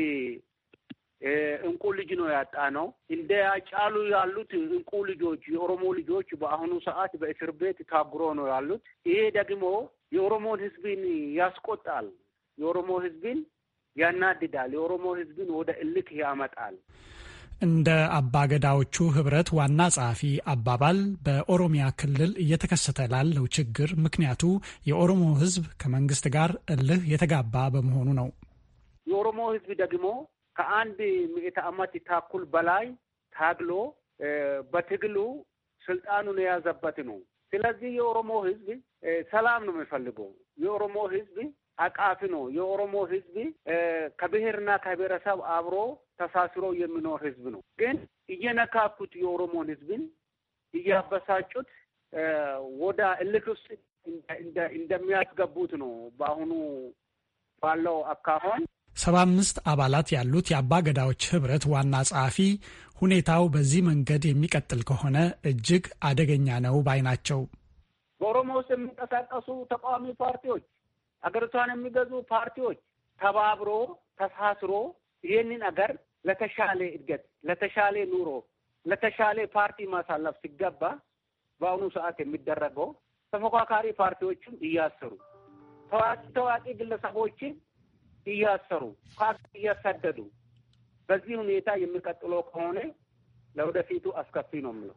እንቁ ልጅ ነው ያጣ ነው። እንደ ያጫሉ ያሉት እንቁ ልጆች የኦሮሞ ልጆች በአሁኑ ሰዓት በእስር ቤት ታጉሮ ነው ያሉት። ይሄ ደግሞ የኦሮሞን ሕዝብን ያስቆጣል። የኦሮሞ ሕዝብን ያናድዳል። የኦሮሞ ሕዝብን ወደ እልክ ያመጣል። እንደ አባገዳዎቹ ህብረት ዋና ጸሐፊ አባባል በኦሮሚያ ክልል እየተከሰተ ላለው ችግር ምክንያቱ የኦሮሞ ህዝብ ከመንግስት ጋር እልህ የተጋባ በመሆኑ ነው። የኦሮሞ ህዝብ ደግሞ ከአንድ ምዕተ ዓመት ታኩል በላይ ታግሎ በትግሉ ስልጣኑን የያዘበት ነው። ስለዚህ የኦሮሞ ህዝብ ሰላም ነው የሚፈልገው። የኦሮሞ ህዝብ አቃፊ ነው። የኦሮሞ ህዝብ ከብሔርና ከብሔረሰብ አብሮ ተሳስሮ የሚኖር ህዝብ ነው። ግን እየነካኩት የኦሮሞን ህዝብን እያበሳጩት ወደ እልክ ውስጥ እንደሚያስገቡት ነው በአሁኑ ባለው አካሆን ሰባ አምስት አባላት ያሉት የአባ ገዳዎች ህብረት ዋና ጸሐፊ ሁኔታው በዚህ መንገድ የሚቀጥል ከሆነ እጅግ አደገኛ ነው ባይ ናቸው። በኦሮሞ ውስጥ የሚንቀሳቀሱ ተቃዋሚ ፓርቲዎች አገሪቷን የሚገዙ ፓርቲዎች ተባብሮ ተሳስሮ ይህንን አገር ለተሻለ እድገት፣ ለተሻለ ኑሮ፣ ለተሻለ ፓርቲ ማሳለፍ ሲገባ በአሁኑ ሰዓት የሚደረገው ተፎካካሪ ፓርቲዎችም እያሰሩ ታዋቂ ታዋቂ ግለሰቦችን እያሰሩ ፓርቲ እያሳደዱ በዚህ ሁኔታ የሚቀጥለው ከሆነ ለወደፊቱ አስከፊ ነው የምለው።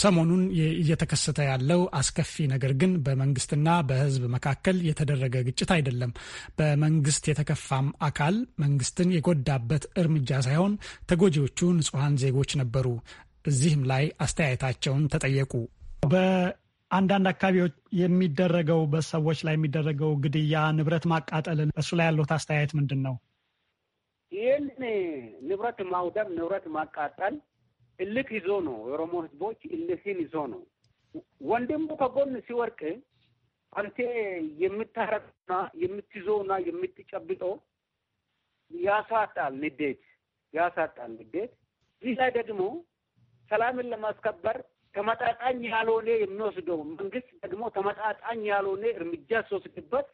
ሰሞኑን እየተከሰተ ያለው አስከፊ ነገር ግን በመንግስትና በህዝብ መካከል የተደረገ ግጭት አይደለም። በመንግስት የተከፋም አካል መንግስትን የጎዳበት እርምጃ ሳይሆን ተጎጂዎቹ ንጹሐን ዜጎች ነበሩ። እዚህም ላይ አስተያየታቸውን ተጠየቁ። በአንዳንድ አካባቢዎች የሚደረገው በሰዎች ላይ የሚደረገው ግድያ፣ ንብረት ማቃጠልን እሱ ላይ ያለት አስተያየት ምንድን ነው? ይህን ንብረት ማውደም፣ ንብረት ማቃጠል እልክ ይዞ ነው የኦሮሞ ህዝቦች እልክን ይዞ ነው። ወንድሙ ከጎን ሲወርቅ አንተ የምታረቅና የምትይዘውና የምትጨብጠው ያሳጣል ንዴት ያሳጣል ንዴት። እዚህ ላይ ደግሞ ሰላምን ለማስከበር ተመጣጣኝ ያልሆነ የሚወስደው መንግስት ደግሞ ተመጣጣኝ ያልሆነ እርምጃ ሲወስድበት፣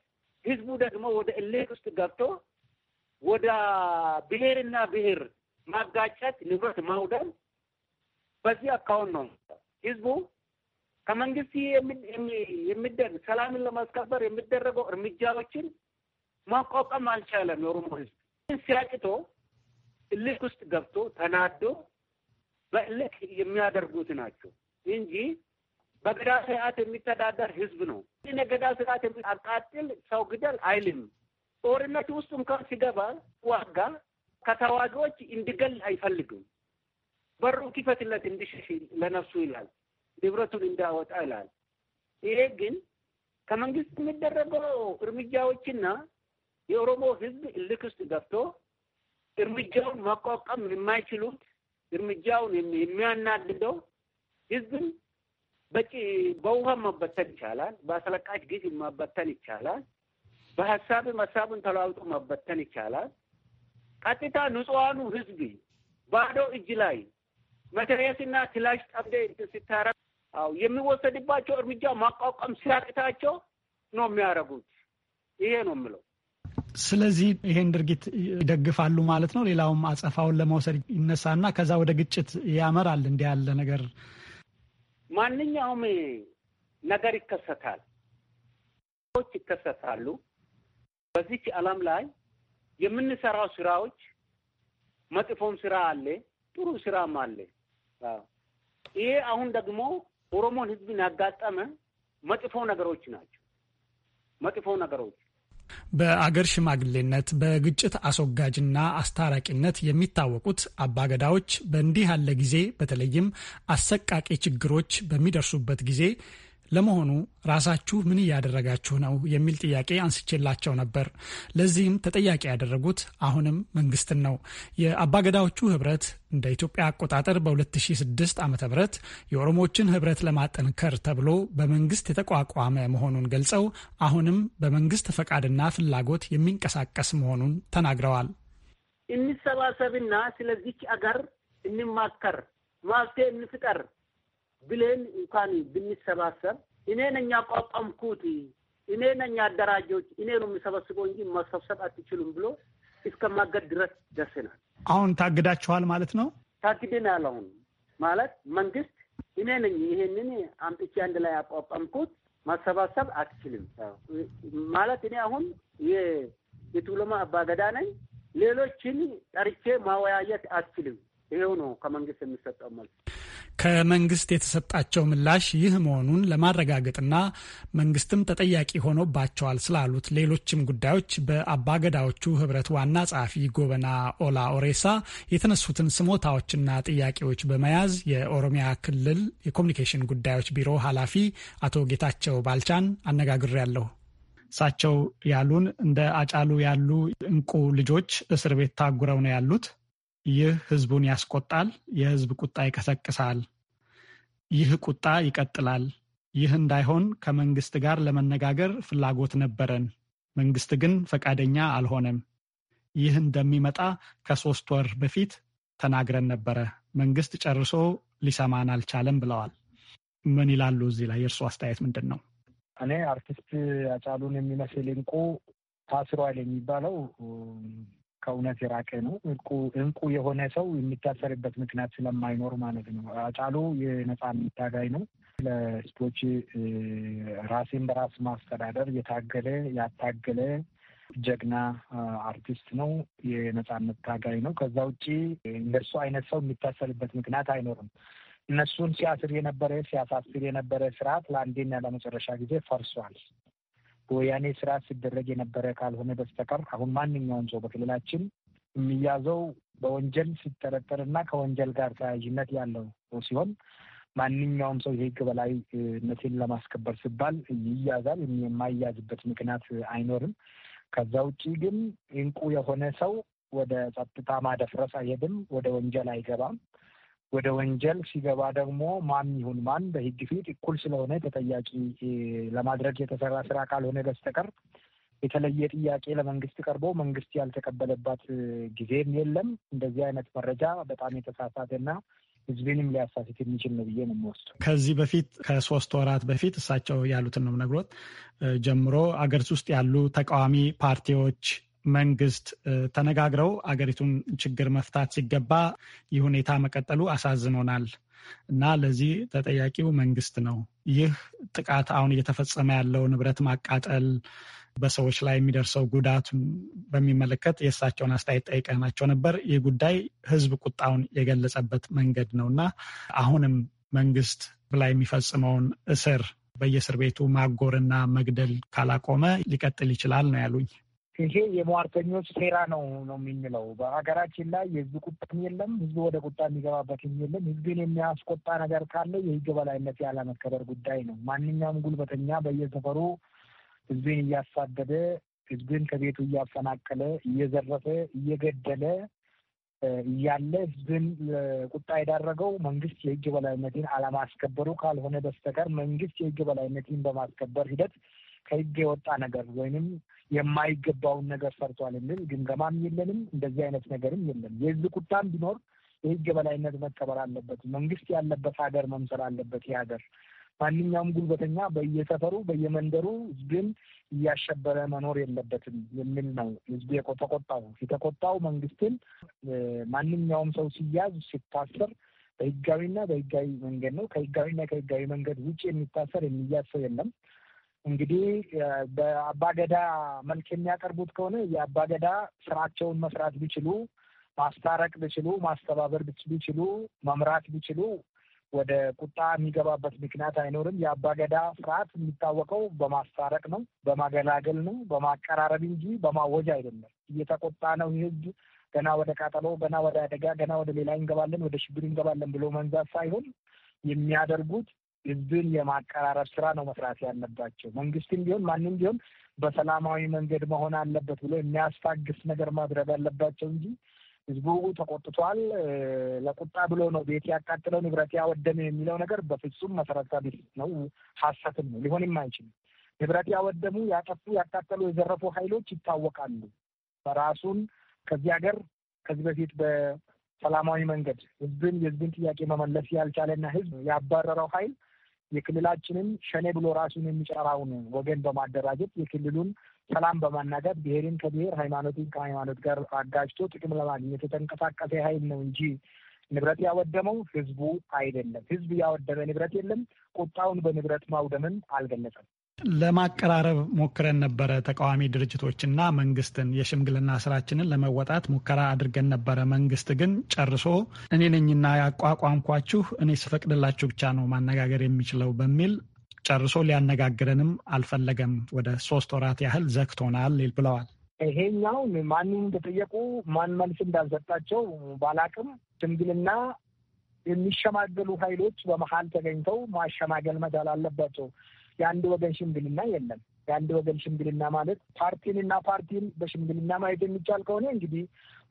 ህዝቡ ደግሞ ወደ እልክ ውስጥ ገብቶ ወደ ብሔርና ብሔር ማጋጨት፣ ንብረት ማውደም በዚህ አካውንት ነው ህዝቡ ከመንግስት የሚደረግ ሰላምን ለማስከበር የሚደረገው እርምጃዎችን ማቋቋም አልቻለም። የኦሮሞ ህዝብ ሲያቅቶ እልክ ውስጥ ገብቶ ተናዶ በእልክ የሚያደርጉት ናቸው እንጂ በገዳ ስርዓት የሚተዳደር ህዝብ ነው። የገዳ ስርዓት አቃጥል፣ ሰው ግደል አይልም። ጦርነት ውስጥ እንኳን ሲገባ ዋጋ ከተዋጊዎች እንዲገል አይፈልግም። በሩን ክፈትለት እንዲሸሽ ለነፍሱ ይላል፣ ንብረቱን እንዳወጣ ይላል። ይሄ ግን ከመንግስት የሚደረገው እርምጃዎችና የኦሮሞ ህዝብ እልክ ውስጥ ገብቶ እርምጃውን መቋቋም የማይችሉት እርምጃውን የሚያናድደው ህዝብን በቂ በውሃ ማበተን ይቻላል። በአስለቃሽ ጊዜ ማበተን ይቻላል። በሀሳብ ሀሳብን ተለዋውጦ ማበተን ይቻላል። ቀጥታ ንጹሐኑ ህዝብ ባዶ እጅ ላይ መተሬስና ክላሽ ጠብደ እንትን ሲታረግ የሚወሰድባቸው እርምጃ ማቋቋም ሲያቅታቸው ነው የሚያደርጉት። ይሄ ነው የምለው። ስለዚህ ይሄን ድርጊት ይደግፋሉ ማለት ነው። ሌላውም አጸፋውን ለመውሰድ ይነሳና ከዛ ወደ ግጭት ያመራል። እንዲህ ያለ ነገር ማንኛውም ነገር ይከሰታል፣ ች ይከሰታሉ። በዚች ዓለም ላይ የምንሰራው ስራዎች መጥፎም ስራ አለ፣ ጥሩ ስራም አለ። ይሄ አሁን ደግሞ ኦሮሞን ህዝብን ያጋጠመ መጥፎ ነገሮች ናቸው። መጥፎ ነገሮች በአገር ሽማግሌነት በግጭት አስወጋጅና አስታራቂነት የሚታወቁት አባገዳዎች በእንዲህ ያለ ጊዜ በተለይም አሰቃቂ ችግሮች በሚደርሱበት ጊዜ ለመሆኑ ራሳችሁ ምን እያደረጋችሁ ነው የሚል ጥያቄ አንስቼላቸው ነበር። ለዚህም ተጠያቂ ያደረጉት አሁንም መንግስትን ነው። የአባገዳዎቹ ህብረት እንደ ኢትዮጵያ አቆጣጠር በ2006 ዓ ም የኦሮሞዎችን ህብረት ለማጠንከር ተብሎ በመንግስት የተቋቋመ መሆኑን ገልጸው አሁንም በመንግስት ፈቃድና ፍላጎት የሚንቀሳቀስ መሆኑን ተናግረዋል። እንሰባሰብና ስለዚች አገር እንማከር፣ ማፍትሄ እንፍጠር ብለን እንኳን ብንሰባሰብ እኔ ነኝ ያቋቋምኩት፣ እኔ ነኝ አደራጆች፣ እኔ ነው የምሰበስበው እንጂ መሰብሰብ አትችሉም ብሎ እስከማገድ ድረስ ደርሰናል። አሁን ታግዳችኋል ማለት ነው? ታግደናል። አሁን ማለት መንግስት እኔ ነኝ ይሄንን አምጥቼ አንድ ላይ ያቋቋምኩት ማሰባሰብ አትችልም ማለት እኔ አሁን የቱለማ አባገዳ ነኝ። ሌሎችን ጠርቼ ማወያየት አትችልም ይኸው ነው ከመንግስት የሚሰጠው መልስ። ከመንግስት የተሰጣቸው ምላሽ ይህ መሆኑን ለማረጋገጥና መንግስትም ተጠያቂ ሆኖባቸዋል ስላሉት ሌሎችም ጉዳዮች በአባገዳዎቹ ህብረት ዋና ጸሐፊ ጎበና ኦላ ኦሬሳ የተነሱትን ስሞታዎችና ጥያቄዎች በመያዝ የኦሮሚያ ክልል የኮሚኒኬሽን ጉዳዮች ቢሮ ኃላፊ አቶ ጌታቸው ባልቻን አነጋግሬያለሁ። እሳቸው ያሉን እንደ አጫሉ ያሉ እንቁ ልጆች እስር ቤት ታጉረው ነው ያሉት ይህ ህዝቡን ያስቆጣል፣ የህዝብ ቁጣ ይቀሰቅሳል። ይህ ቁጣ ይቀጥላል። ይህ እንዳይሆን ከመንግስት ጋር ለመነጋገር ፍላጎት ነበረን። መንግስት ግን ፈቃደኛ አልሆነም። ይህ እንደሚመጣ ከሶስት ወር በፊት ተናግረን ነበረ። መንግስት ጨርሶ ሊሰማን አልቻለም ብለዋል። ምን ይላሉ? እዚህ ላይ የእርሱ አስተያየት ምንድን ነው? እኔ አርቲስት አጫሉን የሚመስል እንቁ ታስሯል የሚባለው ከእውነት የራቀ ነው። እንቁ የሆነ ሰው የሚታሰርበት ምክንያት ስለማይኖር ማለት ነው። አጫሉ የነጻነት ታጋይ ነው። ለህዝቦች ራሴን በራስ ማስተዳደር የታገለ ያታገለ ጀግና አርቲስት ነው። የነጻነት ታጋይ ነው። ከዛ ውጭ እንደሱ አይነት ሰው የሚታሰርበት ምክንያት አይኖርም። እነሱን ሲያስር የነበረ ሲያሳስር የነበረ ስርዓት ለአንዴና ለመጨረሻ ጊዜ ፈርሷል። በወያኔ ስራ ሲደረግ የነበረ ካልሆነ በስተቀር አሁን ማንኛውም ሰው በክልላችን የሚያዘው በወንጀል ሲጠረጠር እና ከወንጀል ጋር ተያያዥነት ያለው ሲሆን ማንኛውም ሰው የህግ በላይነትን ለማስከበር ሲባል ይያዛል። የማያዝበት ምክንያት አይኖርም። ከዛ ውጭ ግን እንቁ የሆነ ሰው ወደ ጸጥታ ማደፍረስ አይሄድም፣ ወደ ወንጀል አይገባም። ወደ ወንጀል ሲገባ ደግሞ ማን ይሁን ማን በህግ ፊት እኩል ስለሆነ ተጠያቂ ለማድረግ የተሰራ ስራ ካልሆነ በስተቀር የተለየ ጥያቄ ለመንግስት ቀርቦ መንግስት ያልተቀበለባት ጊዜም የለም። እንደዚህ አይነት መረጃ በጣም የተሳሳተና ህዝብንም ሊያሳስት የሚችል ነው ብዬ ነው የምወስደው። ከዚህ በፊት ከሶስት ወራት በፊት እሳቸው ያሉትን ነው ነግሮት ጀምሮ አገሪቱ ውስጥ ያሉ ተቃዋሚ ፓርቲዎች መንግስት ተነጋግረው አገሪቱን ችግር መፍታት ሲገባ ይህ ሁኔታ መቀጠሉ አሳዝኖናል እና ለዚህ ተጠያቂው መንግስት ነው። ይህ ጥቃት አሁን እየተፈጸመ ያለው ንብረት ማቃጠል፣ በሰዎች ላይ የሚደርሰው ጉዳት በሚመለከት የእሳቸውን አስተያየት ጠይቀናቸው ነበር። ይህ ጉዳይ ህዝብ ቁጣውን የገለጸበት መንገድ ነው እና አሁንም መንግስት ላይ የሚፈጽመውን እስር በየእስር ቤቱ ማጎርና መግደል ካላቆመ ሊቀጥል ይችላል ነው ያሉኝ። ይሄ የሟርተኞች ሴራ ነው ነው የምንለው። በሀገራችን ላይ የህዝብ ቁጣም የለም፣ ህዝብ ወደ ቁጣ የሚገባበትም የለም። ህዝብን የሚያስቆጣ ነገር ካለ የህግ በላይነት ያለመከበር ጉዳይ ነው። ማንኛውም ጉልበተኛ በየሰፈሩ ህዝብን እያሳደደ፣ ህዝብን ከቤቱ እያፈናቀለ፣ እየዘረፈ፣ እየገደለ እያለ ህዝብን ቁጣ የዳረገው መንግስት የህግ በላይነትን አለማስከበሩ ካልሆነ በስተቀር መንግስት የህግ በላይነትን በማስከበር ሂደት ከህግ የወጣ ነገር ወይንም የማይገባውን ነገር ሰርቷል የሚል ግምገማም የለንም። እንደዚህ አይነት ነገርም የለም። የህዝብ ቁጣም ቢኖር የህግ የበላይነት መከበር አለበት። መንግስት ያለበት ሀገር መምሰል አለበት። ይህ ሀገር ማንኛውም ጉልበተኛ በየሰፈሩ በየመንደሩ ህዝብን እያሸበረ መኖር የለበትም የሚል ነው። ህዝብ የተቆጣው የተቆጣው መንግስትን ማንኛውም ሰው ሲያዝ ሲታሰር በህጋዊና በህጋዊ መንገድ ነው። ከህጋዊና ከህጋዊ መንገድ ውጭ የሚታሰር የሚያዝ ሰው የለም። እንግዲህ በአባገዳ መልክ የሚያቀርቡት ከሆነ የአባገዳ ስራቸውን መስራት ቢችሉ፣ ማስታረቅ ቢችሉ፣ ማስተባበር ቢችሉ፣ መምራት ቢችሉ ወደ ቁጣ የሚገባበት ምክንያት አይኖርም። የአባገዳ ስርዓት የሚታወቀው በማስታረቅ ነው፣ በማገላገል ነው፣ በማቀራረብ እንጂ በማወጅ አይደለም። እየተቆጣ ነው ህዝብ ገና ወደ ቃጠሎ፣ ገና ወደ አደጋ፣ ገና ወደ ሌላ እንገባለን፣ ወደ ሽብር እንገባለን ብሎ መንዛት ሳይሆን የሚያደርጉት ህዝብን የማቀራረብ ስራ ነው መስራት ያለባቸው። መንግስትም ቢሆን ማንም ቢሆን በሰላማዊ መንገድ መሆን አለበት ብሎ የሚያስታግስ ነገር ማድረግ አለባቸው እንጂ ህዝቡ ተቆጥቷል፣ ለቁጣ ብሎ ነው ቤት ያቃጥለው ንብረት ያወደመ የሚለው ነገር በፍጹም መሰረተ ቢስ ነው፣ ሀሰትም ነው፣ ሊሆንም አይችልም። ንብረት ያወደሙ፣ ያጠፉ፣ ያቃጠሉ፣ የዘረፉ ኃይሎች ይታወቃሉ። በራሱን ከዚህ ሀገር ከዚህ በፊት በሰላማዊ መንገድ ህዝብን የህዝብን ጥያቄ መመለስ ያልቻለና ህዝብ ያባረረው ኃይል የክልላችንን ሸኔ ብሎ ራሱን የሚጨራውን ወገን በማደራጀት የክልሉን ሰላም በማናገር ብሔርን ከብሔር ሃይማኖትን ከሃይማኖት ጋር አጋጅቶ ጥቅም ለማግኘት የተንቀሳቀሰ ኃይል ነው እንጂ ንብረት ያወደመው ህዝቡ አይደለም። ህዝብ ያወደመ ንብረት የለም። ቁጣውን በንብረት ማውደምን አልገለጸም። ለማቀራረብ ሞክረን ነበረ። ተቃዋሚ ድርጅቶችና መንግስትን የሽምግልና ስራችንን ለመወጣት ሙከራ አድርገን ነበረ። መንግስት ግን ጨርሶ እኔ ነኝና ያቋቋምኳችሁ እኔ ስፈቅድላችሁ ብቻ ነው ማነጋገር የሚችለው በሚል ጨርሶ ሊያነጋግረንም አልፈለገም። ወደ ሶስት ወራት ያህል ዘግቶናል ብለዋል። ይሄኛውን ማንን እንደጠየቁ ማን መልስ እንዳልሰጣቸው ባላቅም ሽምግልና የሚሸማገሉ ኃይሎች በመሀል ተገኝተው ማሸማገል መቻል አለባቸው። የአንድ ወገን ሽምግልና የለም። የአንድ ወገን ሽምግልና ማለት እና ፓርቲን በሽምግልና ማየት የሚቻል ከሆነ እንግዲህ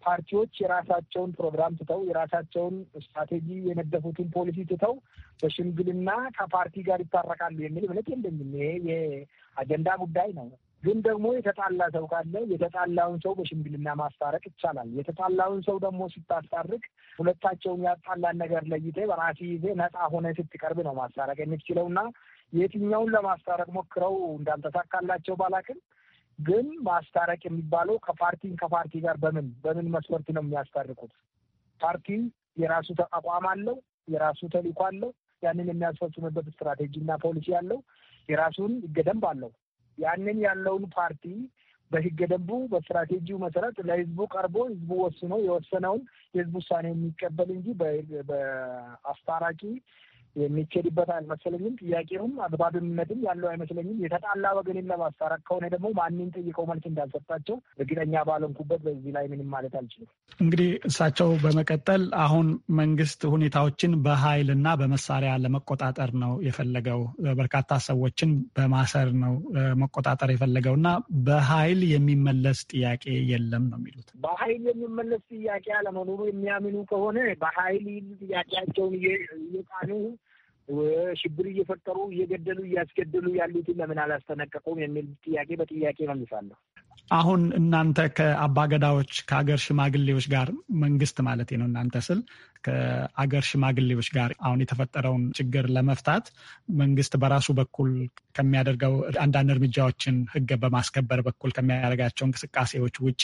ፓርቲዎች የራሳቸውን ፕሮግራም ትተው የራሳቸውን ስትራቴጂ የነደፉትን ፖሊሲ ትተው በሽምግልና ከፓርቲ ጋር ይታረቃሉ የሚል እምነት የለኝም። ይሄ የአጀንዳ ጉዳይ ነው። ግን ደግሞ የተጣላ ሰው ካለ የተጣላውን ሰው በሽምግልና ማስታረቅ ይቻላል። የተጣላውን ሰው ደግሞ ስታስታርቅ ሁለታቸውን ያጣላን ነገር ለይቴ በራሲ ይዜ ነፃ ሆነ ስትቀርብ ነው ማስታረቅ የምትችለውና የትኛውን ለማስታረቅ ሞክረው እንዳልተሳካላቸው ባላክም ግን ማስታረቅ የሚባለው ከፓርቲን ከፓርቲ ጋር በምን በምን መስፈርት ነው የሚያስታርቁት? ፓርቲ የራሱ አቋም አለው፣ የራሱ ተልዕኮ አለው፣ ያንን የሚያስፈጽምበት ስትራቴጂና ፖሊሲ አለው፣ የራሱን ህገደንብ ደንብ አለው። ያንን ያለውን ፓርቲ በህገደንቡ ደንቡ በስትራቴጂው መሰረት ለህዝቡ ቀርቦ ህዝቡ ወስኖ የወሰነውን የህዝቡ ውሳኔ የሚቀበል እንጂ በአስታራቂ የሚኬድበት አይመስለኝም። ጥያቄውም አግባብነትም ያለው አይመስለኝም። የተጣላ ወገንን ለማስታረቅ ከሆነ ደግሞ ማንም ጠይቀው መልስ እንዳልሰጣቸው እርግጠኛ ባለንኩበት በዚህ ላይ ምንም ማለት አልችልም። እንግዲህ እሳቸው በመቀጠል አሁን መንግስት ሁኔታዎችን በኃይል እና በመሳሪያ ለመቆጣጠር ነው የፈለገው፣ በርካታ ሰዎችን በማሰር ነው መቆጣጠር የፈለገው እና በኃይል የሚመለስ ጥያቄ የለም ነው የሚሉት። በኃይል የሚመለስ ጥያቄ አለመኖሩ የሚያምኑ ከሆነ በኃይል ጥያቄያቸውን እየጣኑ ሽብር እየፈጠሩ እየገደሉ እያስገደሉ ያሉትን ለምን አላስጠነቀቁም የሚል ጥያቄ በጥያቄ መልሳለሁ። አሁን እናንተ ከአባገዳዎች ከሀገር ሽማግሌዎች ጋር መንግስት ማለት ነው እናንተ ስል ከአገር ሽማግሌዎች ጋር አሁን የተፈጠረውን ችግር ለመፍታት መንግስት በራሱ በኩል ከሚያደርገው አንዳንድ እርምጃዎችን ህገ በማስከበር በኩል ከሚያደርጋቸው እንቅስቃሴዎች ውጪ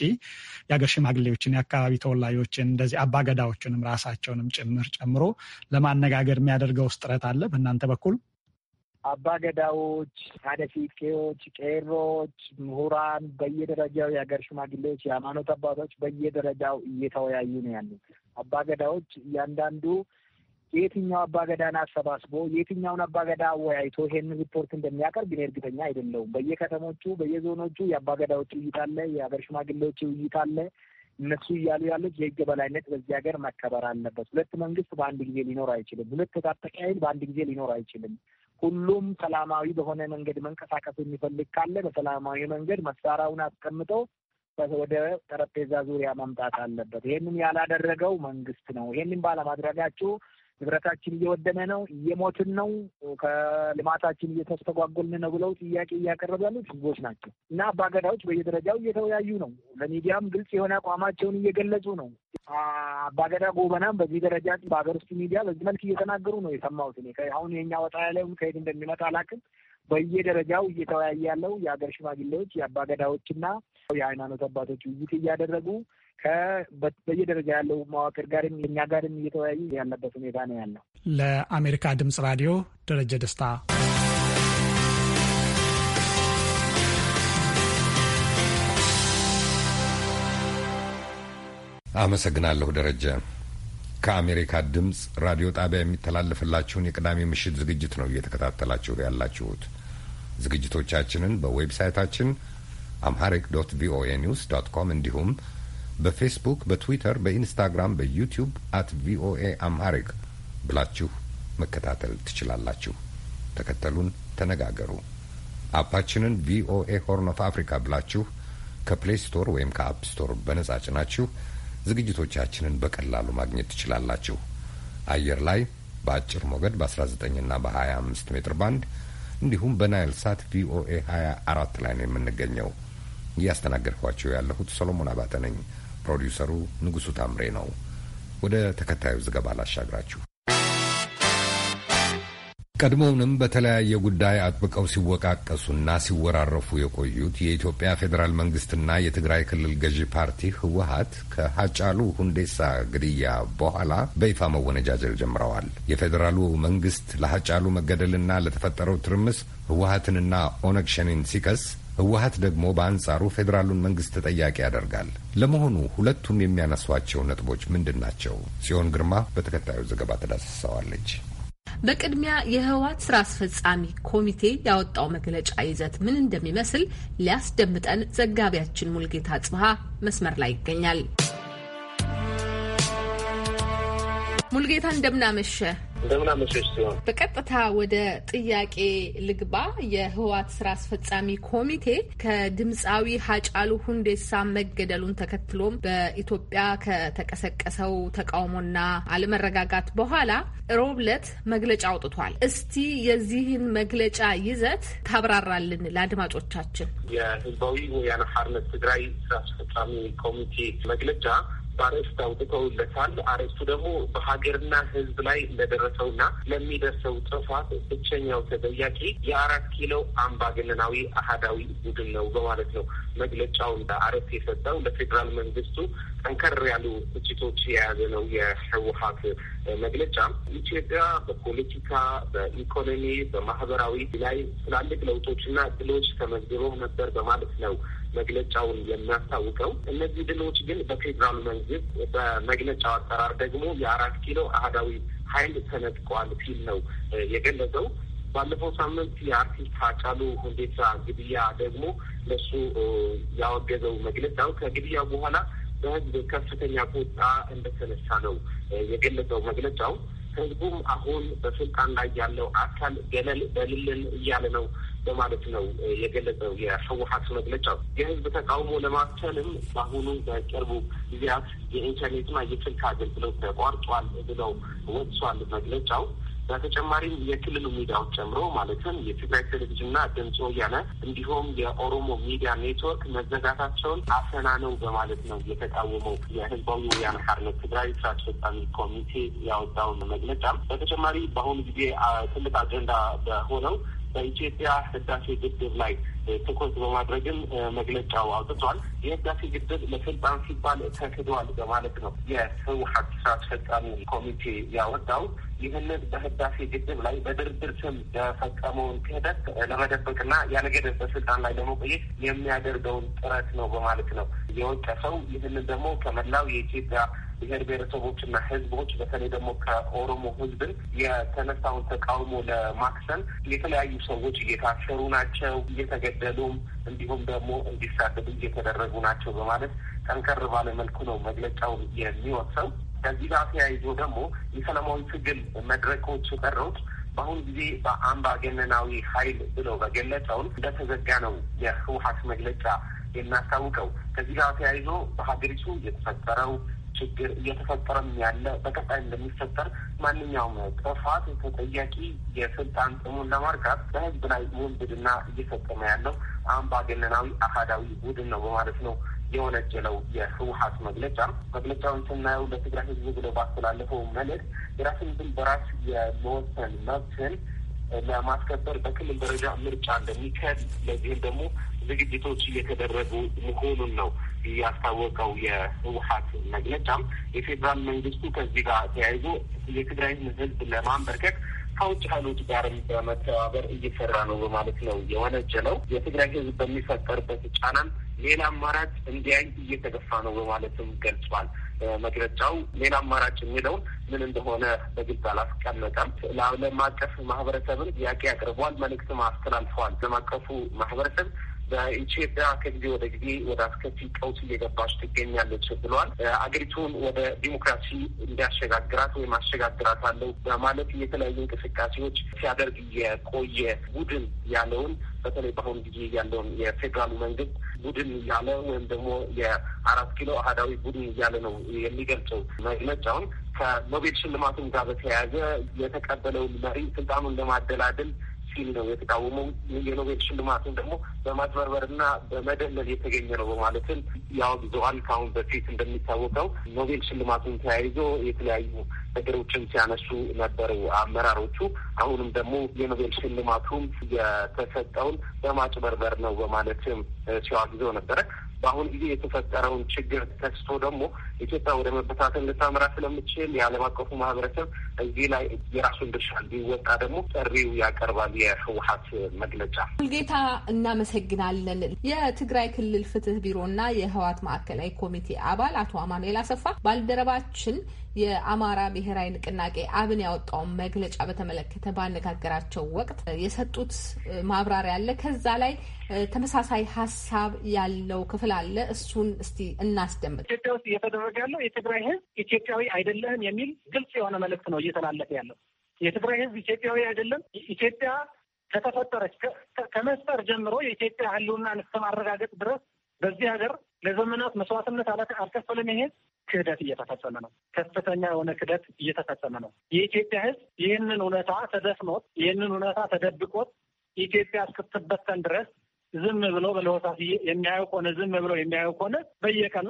የአገር ሽማግሌዎችን፣ የአካባቢ ተወላጆችን እንደዚህ አባገዳዎችንም ራሳቸውንም ጭምር ጨምሮ ለማነጋገር የሚያደርገው ጥረት አለ በእናንተ በኩል? አባገዳዎች፣ ሀደፊቄዎች፣ ቄሮች፣ ምሁራን፣ በየደረጃው የሀገር ሽማግሌዎች፣ የሃይማኖት አባቶች በየደረጃው እየተወያዩ ነው ያሉት። አባገዳዎች እያንዳንዱ የትኛው አባገዳን አሰባስቦ የትኛውን አባገዳ አወያይቶ ይሄን ሪፖርት እንደሚያቀርብ እኔ እርግጠኛ አይደለሁም። በየከተሞቹ በየዞኖቹ የአባገዳዎች ውይይት አለ፣ የሀገር ሽማግሌዎች ውይይት አለ። እነሱ እያሉ ያሉት የህግ በላይነት በዚህ ሀገር መከበር አለበት። ሁለት መንግስት በአንድ ጊዜ ሊኖር አይችልም። ሁለት የታጠቀ ኃይል በአንድ ጊዜ ሊኖር አይችልም። ሁሉም ሰላማዊ በሆነ መንገድ መንቀሳቀስ የሚፈልግ ካለ በሰላማዊ መንገድ መሳሪያውን አስቀምጦ ወደ ጠረጴዛ ዙሪያ መምጣት አለበት። ይህንን ያላደረገው መንግስት ነው። ይህንን ባለማድረጋችሁ ንብረታችን እየወደመ ነው፣ እየሞትን ነው፣ ከልማታችን እየተስተጓጎልን ነው ብለው ጥያቄ እያቀረቡ ያሉት ህዝቦች ናቸው እና አባገዳዎች በየደረጃው እየተወያዩ ነው። ለሚዲያም ግልጽ የሆነ አቋማቸውን እየገለጹ ነው። አባገዳ ጎበናም በዚህ ደረጃ በሀገር ውስጥ ሚዲያ በዚህ መልክ እየተናገሩ ነው የሰማሁት። አሁን የኛ ወጣ ያለውን ከየት እንደሚመጣ አላውቅም። በየደረጃው እየተወያየ ያለው የሀገር ሽማግሌዎች የአባገዳዎችና የሃይማኖት አባቶች ውይይት እያደረጉ በየደረጃ ያለው መዋቅር ጋርም እኛ ጋርም እየተወያዩ ያለበት ሁኔታ ነው ያለው። ለአሜሪካ ድምጽ ራዲዮ ደረጀ ደስታ። አመሰግናለሁ ደረጀ። ከአሜሪካ ድምፅ ራዲዮ ጣቢያ የሚተላለፍላችሁን የቅዳሜ ምሽት ዝግጅት ነው እየተከታተላችሁ ያላችሁት። ዝግጅቶቻችንን በዌብሳይታችን አምሃሪክ ዶት ቪኦኤ ኒውስ ዶት ኮም እንዲሁም በፌስቡክ፣ በትዊተር፣ በኢንስታግራም፣ በዩቲዩብ አት ቪኦኤ አምሃሪክ ብላችሁ መከታተል ትችላላችሁ። ተከተሉን፣ ተነጋገሩ። አፓችንን ቪኦኤ ሆርን ኦፍ አፍሪካ ብላችሁ ከፕሌይ ስቶር ወይም ከአፕ ስቶር በነጻ ጭናችሁ ዝግጅቶቻችንን በቀላሉ ማግኘት ትችላላችሁ። አየር ላይ በአጭር ሞገድ በ19ና በ25 ሜትር ባንድ እንዲሁም በናይል ሳት ቪኦኤ 24 ላይ ነው የምንገኘው። እያስተናገድኳችሁ ያለሁት ሰሎሞን አባተ ነኝ። ፕሮዲውሰሩ ንጉሱ ታምሬ ነው። ወደ ተከታዩ ዘገባ ላሻግራችሁ። ቀድሞውንም በተለያየ ጉዳይ አጥብቀው ሲወቃቀሱና ሲወራረፉ የቆዩት የኢትዮጵያ ፌዴራል መንግስትና የትግራይ ክልል ገዢ ፓርቲ ህወሀት ከሀጫሉ ሁንዴሳ ግድያ በኋላ በይፋ መወነጃጀል ጀምረዋል። የፌዴራሉ መንግስት ለሀጫሉ መገደልና ለተፈጠረው ትርምስ ህወሀትንና ኦነግ ሸኔን ሲከስ ህወሀት ደግሞ በአንጻሩ ፌዴራሉን መንግስት ተጠያቂ ያደርጋል። ለመሆኑ ሁለቱም የሚያነሷቸው ነጥቦች ምንድን ናቸው? ጽዮን ግርማ በተከታዩ ዘገባ ተዳስሰዋለች። በቅድሚያ የህወሀት ስራ አስፈጻሚ ኮሚቴ ያወጣው መግለጫ ይዘት ምን እንደሚመስል ሊያስደምጠን ዘጋቢያችን ሙልጌታ ጽብሃ መስመር ላይ ይገኛል። ሙልጌታ እንደምናመሸ እንደምናመሸሽ ሲሆን በቀጥታ ወደ ጥያቄ ልግባ። የህወሓት ስራ አስፈጻሚ ኮሚቴ ከድምፃዊ ሀጫሉ ሁንዴሳ መገደሉን ተከትሎም በኢትዮጵያ ከተቀሰቀሰው ተቃውሞና አለመረጋጋት በኋላ ሮብለት መግለጫ አውጥቷል። እስቲ የዚህን መግለጫ ይዘት ታብራራልን ለአድማጮቻችን። የህዝባዊ ወያነ ሓርነት ትግራይ ስራ አስፈጻሚ ኮሚቴ መግለጫ በአርዕስት አውጥተውለታል። አርዕስቱ ደግሞ በሀገርና ሕዝብ ላይ ለደረሰውና ለሚደርሰው ጥፋት ብቸኛው ተጠያቂ የአራት ኪሎ አምባገነናዊ አህዳዊ ቡድን ነው በማለት ነው መግለጫውን አርዕስት የሰጠው። ለፌዴራል መንግስቱ ጠንከር ያሉ ትችቶች የያዘ ነው የህወሀት መግለጫ። ኢትዮጵያ በፖለቲካ በኢኮኖሚ፣ በማህበራዊ ላይ ትላልቅ ለውጦችና ድሎች ተመዝግበው ነበር በማለት ነው መግለጫውን የሚያስታውቀው። እነዚህ ድሎች ግን በፌዴራል መንግስት በመግለጫው አጠራር ደግሞ የአራት ኪሎ አህዳዊ ኃይል ተነጥቋል ሲል ነው የገለጸው። ባለፈው ሳምንት የአርቲስት ሃጫሉ ሁንዴሳ ግድያ ደግሞ ለሱ ያወገዘው መግለጫው ከግድያው በኋላ በህዝብ ከፍተኛ ቁጣ እንደተነሳ ነው የገለጸው መግለጫው። ህዝቡም አሁን በስልጣን ላይ ያለው አካል ገለል በልልን እያለ ነው በማለት ነው የገለጸው የህወሀት መግለጫው። የህዝብ ተቃውሞ ለማስቻልም በአሁኑ በቅርቡ ጊዜያት የኢንተርኔትና የስልክ አገልግሎት ተቋርጧል ብለው ወጥሷል መግለጫው። በተጨማሪም የክልሉ ሚዲያዎች ጨምሮ ማለትም የትግራይ ቴሌቪዥንና ድምፅ ወያነ እንዲሁም የኦሮሞ ሚዲያ ኔትወርክ መዘጋታቸውን አፈና ነው በማለት ነው የተቃወመው የህዝባዊ ወያነ ሓርነት ትግራይ ስራ አስፈጻሚ ኮሚቴ ያወጣውን መግለጫ። በተጨማሪ በአሁኑ ጊዜ ትልቅ አጀንዳ በሆነው በኢትዮጵያ ህዳሴ ግድብ ላይ ትኩረት በማድረግም መግለጫው አውጥቷል። የህዳሴ ግድብ ለስልጣን ሲባል ተክዷል በማለት ነው የህወሀት ስራ አስፈጻሚ ኮሚቴ ያወጣው። ይህንን በህዳሴ ግድብ ላይ በድርድር ስም የፈጸመውን ክህደት ለመደበቅና ያ ነገር በስልጣን ላይ ለመቆየት የሚያደርገውን ጥረት ነው በማለት ነው የወቀሰው። ይህንን ደግሞ ከመላው የኢትዮጵያ ብሔር ብሔረሰቦችና ህዝቦች በተለይ ደግሞ ከኦሮሞ ህዝብን የተነሳውን ተቃውሞ ለማክሰን የተለያዩ ሰዎች እየታሰሩ ናቸው፣ እየተገደሉም እንዲሁም ደግሞ እንዲሳደዱ እየተደረጉ ናቸው በማለት ጠንከር ባለ መልኩ ነው መግለጫውን የሚወቅሰው። ከዚህ ጋር ተያይዞ ደግሞ የሰላማዊ ትግል መድረኮች በሮች በአሁኑ ጊዜ በአምባገነናዊ ኃይል ብለው በገለጸውን እንደተዘጋ ነው የህወሀት መግለጫ የሚያስታውቀው። ከዚህ ጋር ተያይዞ በሀገሪቱ የተፈጠረው ችግር እየተፈጠረም ያለ በቀጣይ እንደሚፈጠር ማንኛውም ጥፋት ተጠያቂ የስልጣን ጥሙን ለማርካት በህዝብ ላይ ውንብድና እየፈጸመ ያለው አምባገነናዊ አህዳዊ ቡድን ነው በማለት ነው የወነጀለው የህወሀት መግለጫ። መግለጫውን ስናየው ለትግራይ ህዝብ ብሎ ባስተላለፈው መልእክት የራስን ድል በራስ የመወሰን መብትን ለማስከበር በክልል ደረጃ ምርጫ እንደሚካሄድ ለዚህም ደግሞ ዝግጅቶች እየተደረጉ መሆኑን ነው ያስታወቀው። የህወሀት መግለጫም የፌዴራል መንግስቱ ከዚህ ጋር ተያይዞ የትግራይን ህዝብ ለማንበርከክ ከውጭ ኃይሎች ጋርም በመተባበር እየሰራ ነው በማለት ነው የወነጀለው። የትግራይ ህዝብ በሚፈጠርበት ጫናም ሌላ አማራጭ እንዲያይ እየተገፋ ነው በማለትም ገልጿል። መግለጫው ሌላ አማራጭ የሚለውን ምን እንደሆነ በግልጽ አላስቀመጠም። ለዓለም አቀፍ ማህበረሰብን ጥያቄ አቅርቧል፣ መልእክትም አስተላልፈዋል። ዓለም አቀፉ ማህበረሰብ በኢትዮጵያ ከጊዜ ወደ ጊዜ ወደ አስከፊ ቀውስ እየገባች ትገኛለች ብሏል። አገሪቱን ወደ ዲሞክራሲ እንዲያሸጋግራት ወይም አለው በማለት የተለያዩ እንቅስቃሴዎች ሲያደርግ የቆየ ቡድን ያለውን በተለይ በአሁኑ ጊዜ ያለውን የፌዴራሉ መንግስት ቡድን እያለ ወይም ደግሞ የአራት ኪሎ አህዳዊ ቡድን እያለ ነው የሚገልጸው መግለጫውን ከኖቤል ሽልማቱም ጋር በተያያዘ የተቀበለውን መሪ ስልጣኑን ለማደላደል ሲል ነው የተቃወመው። የኖቤል ሽልማትን ደግሞ በማጭበርበርና በመደለል የተገኘ ነው በማለትም ያወግዘዋል። ከአሁን በፊት እንደሚታወቀው ኖቤል ሽልማቱን ተያይዞ የተለያዩ ነገሮችን ሲያነሱ ነበሩ አመራሮቹ። አሁንም ደግሞ የኖቤል ሽልማቱም የተሰጠውን በማጭበርበር ነው በማለትም ሲያወግዘው ነበረ። በአሁኑ ጊዜ የተፈጠረውን ችግር ተስቶ ደግሞ ኢትዮጵያ ወደ መበታተን ልታምራ ስለምችል የዓለም አቀፉ ማህበረሰብ እዚህ ላይ የራሱን ድርሻ እንዲወጣ ደግሞ ጥሪው ያቀርባል የህወሀት መግለጫ። ሁልጌታ እናመሰግናለን። የትግራይ ክልል ፍትህ ቢሮና የህወሀት ማዕከላዊ ኮሚቴ አባል አቶ አማኑኤል አሰፋ ባልደረባችን የአማራ ብሔራዊ ንቅናቄ አብን ያወጣውን መግለጫ በተመለከተ ባነጋገራቸው ወቅት የሰጡት ማብራሪያ አለ። ከዛ ላይ ተመሳሳይ ሀሳብ ያለው ክፍል ስላለ እሱን እስቲ እናስደምጥ። ኢትዮጵያ ውስጥ እየተደረገ ያለው የትግራይ ህዝብ ኢትዮጵያዊ አይደለህም የሚል ግልጽ የሆነ መልእክት ነው እየተላለፈ ያለው። የትግራይ ህዝብ ኢትዮጵያዊ አይደለም። ኢትዮጵያ ከተፈጠረች ከመስጠር ጀምሮ የኢትዮጵያ ህልውናን እስከማረጋገጥ ድረስ በዚህ ሀገር ለዘመናት መስዋዕትነት አልከፈለም። ይሄ ክህደት እየተፈጸመ ነው። ከፍተኛ የሆነ ክህደት እየተፈጸመ ነው። የኢትዮጵያ ህዝብ ይህንን እውነታ ተደፍኖት፣ ይህንን እውነታ ተደብቆት ኢትዮጵያ እስክትበተን ድረስ ዝም ብለው በለሆሳስ የሚያዩ ከሆነ ዝም ብለው የሚያዩ ከሆነ በየቀኑ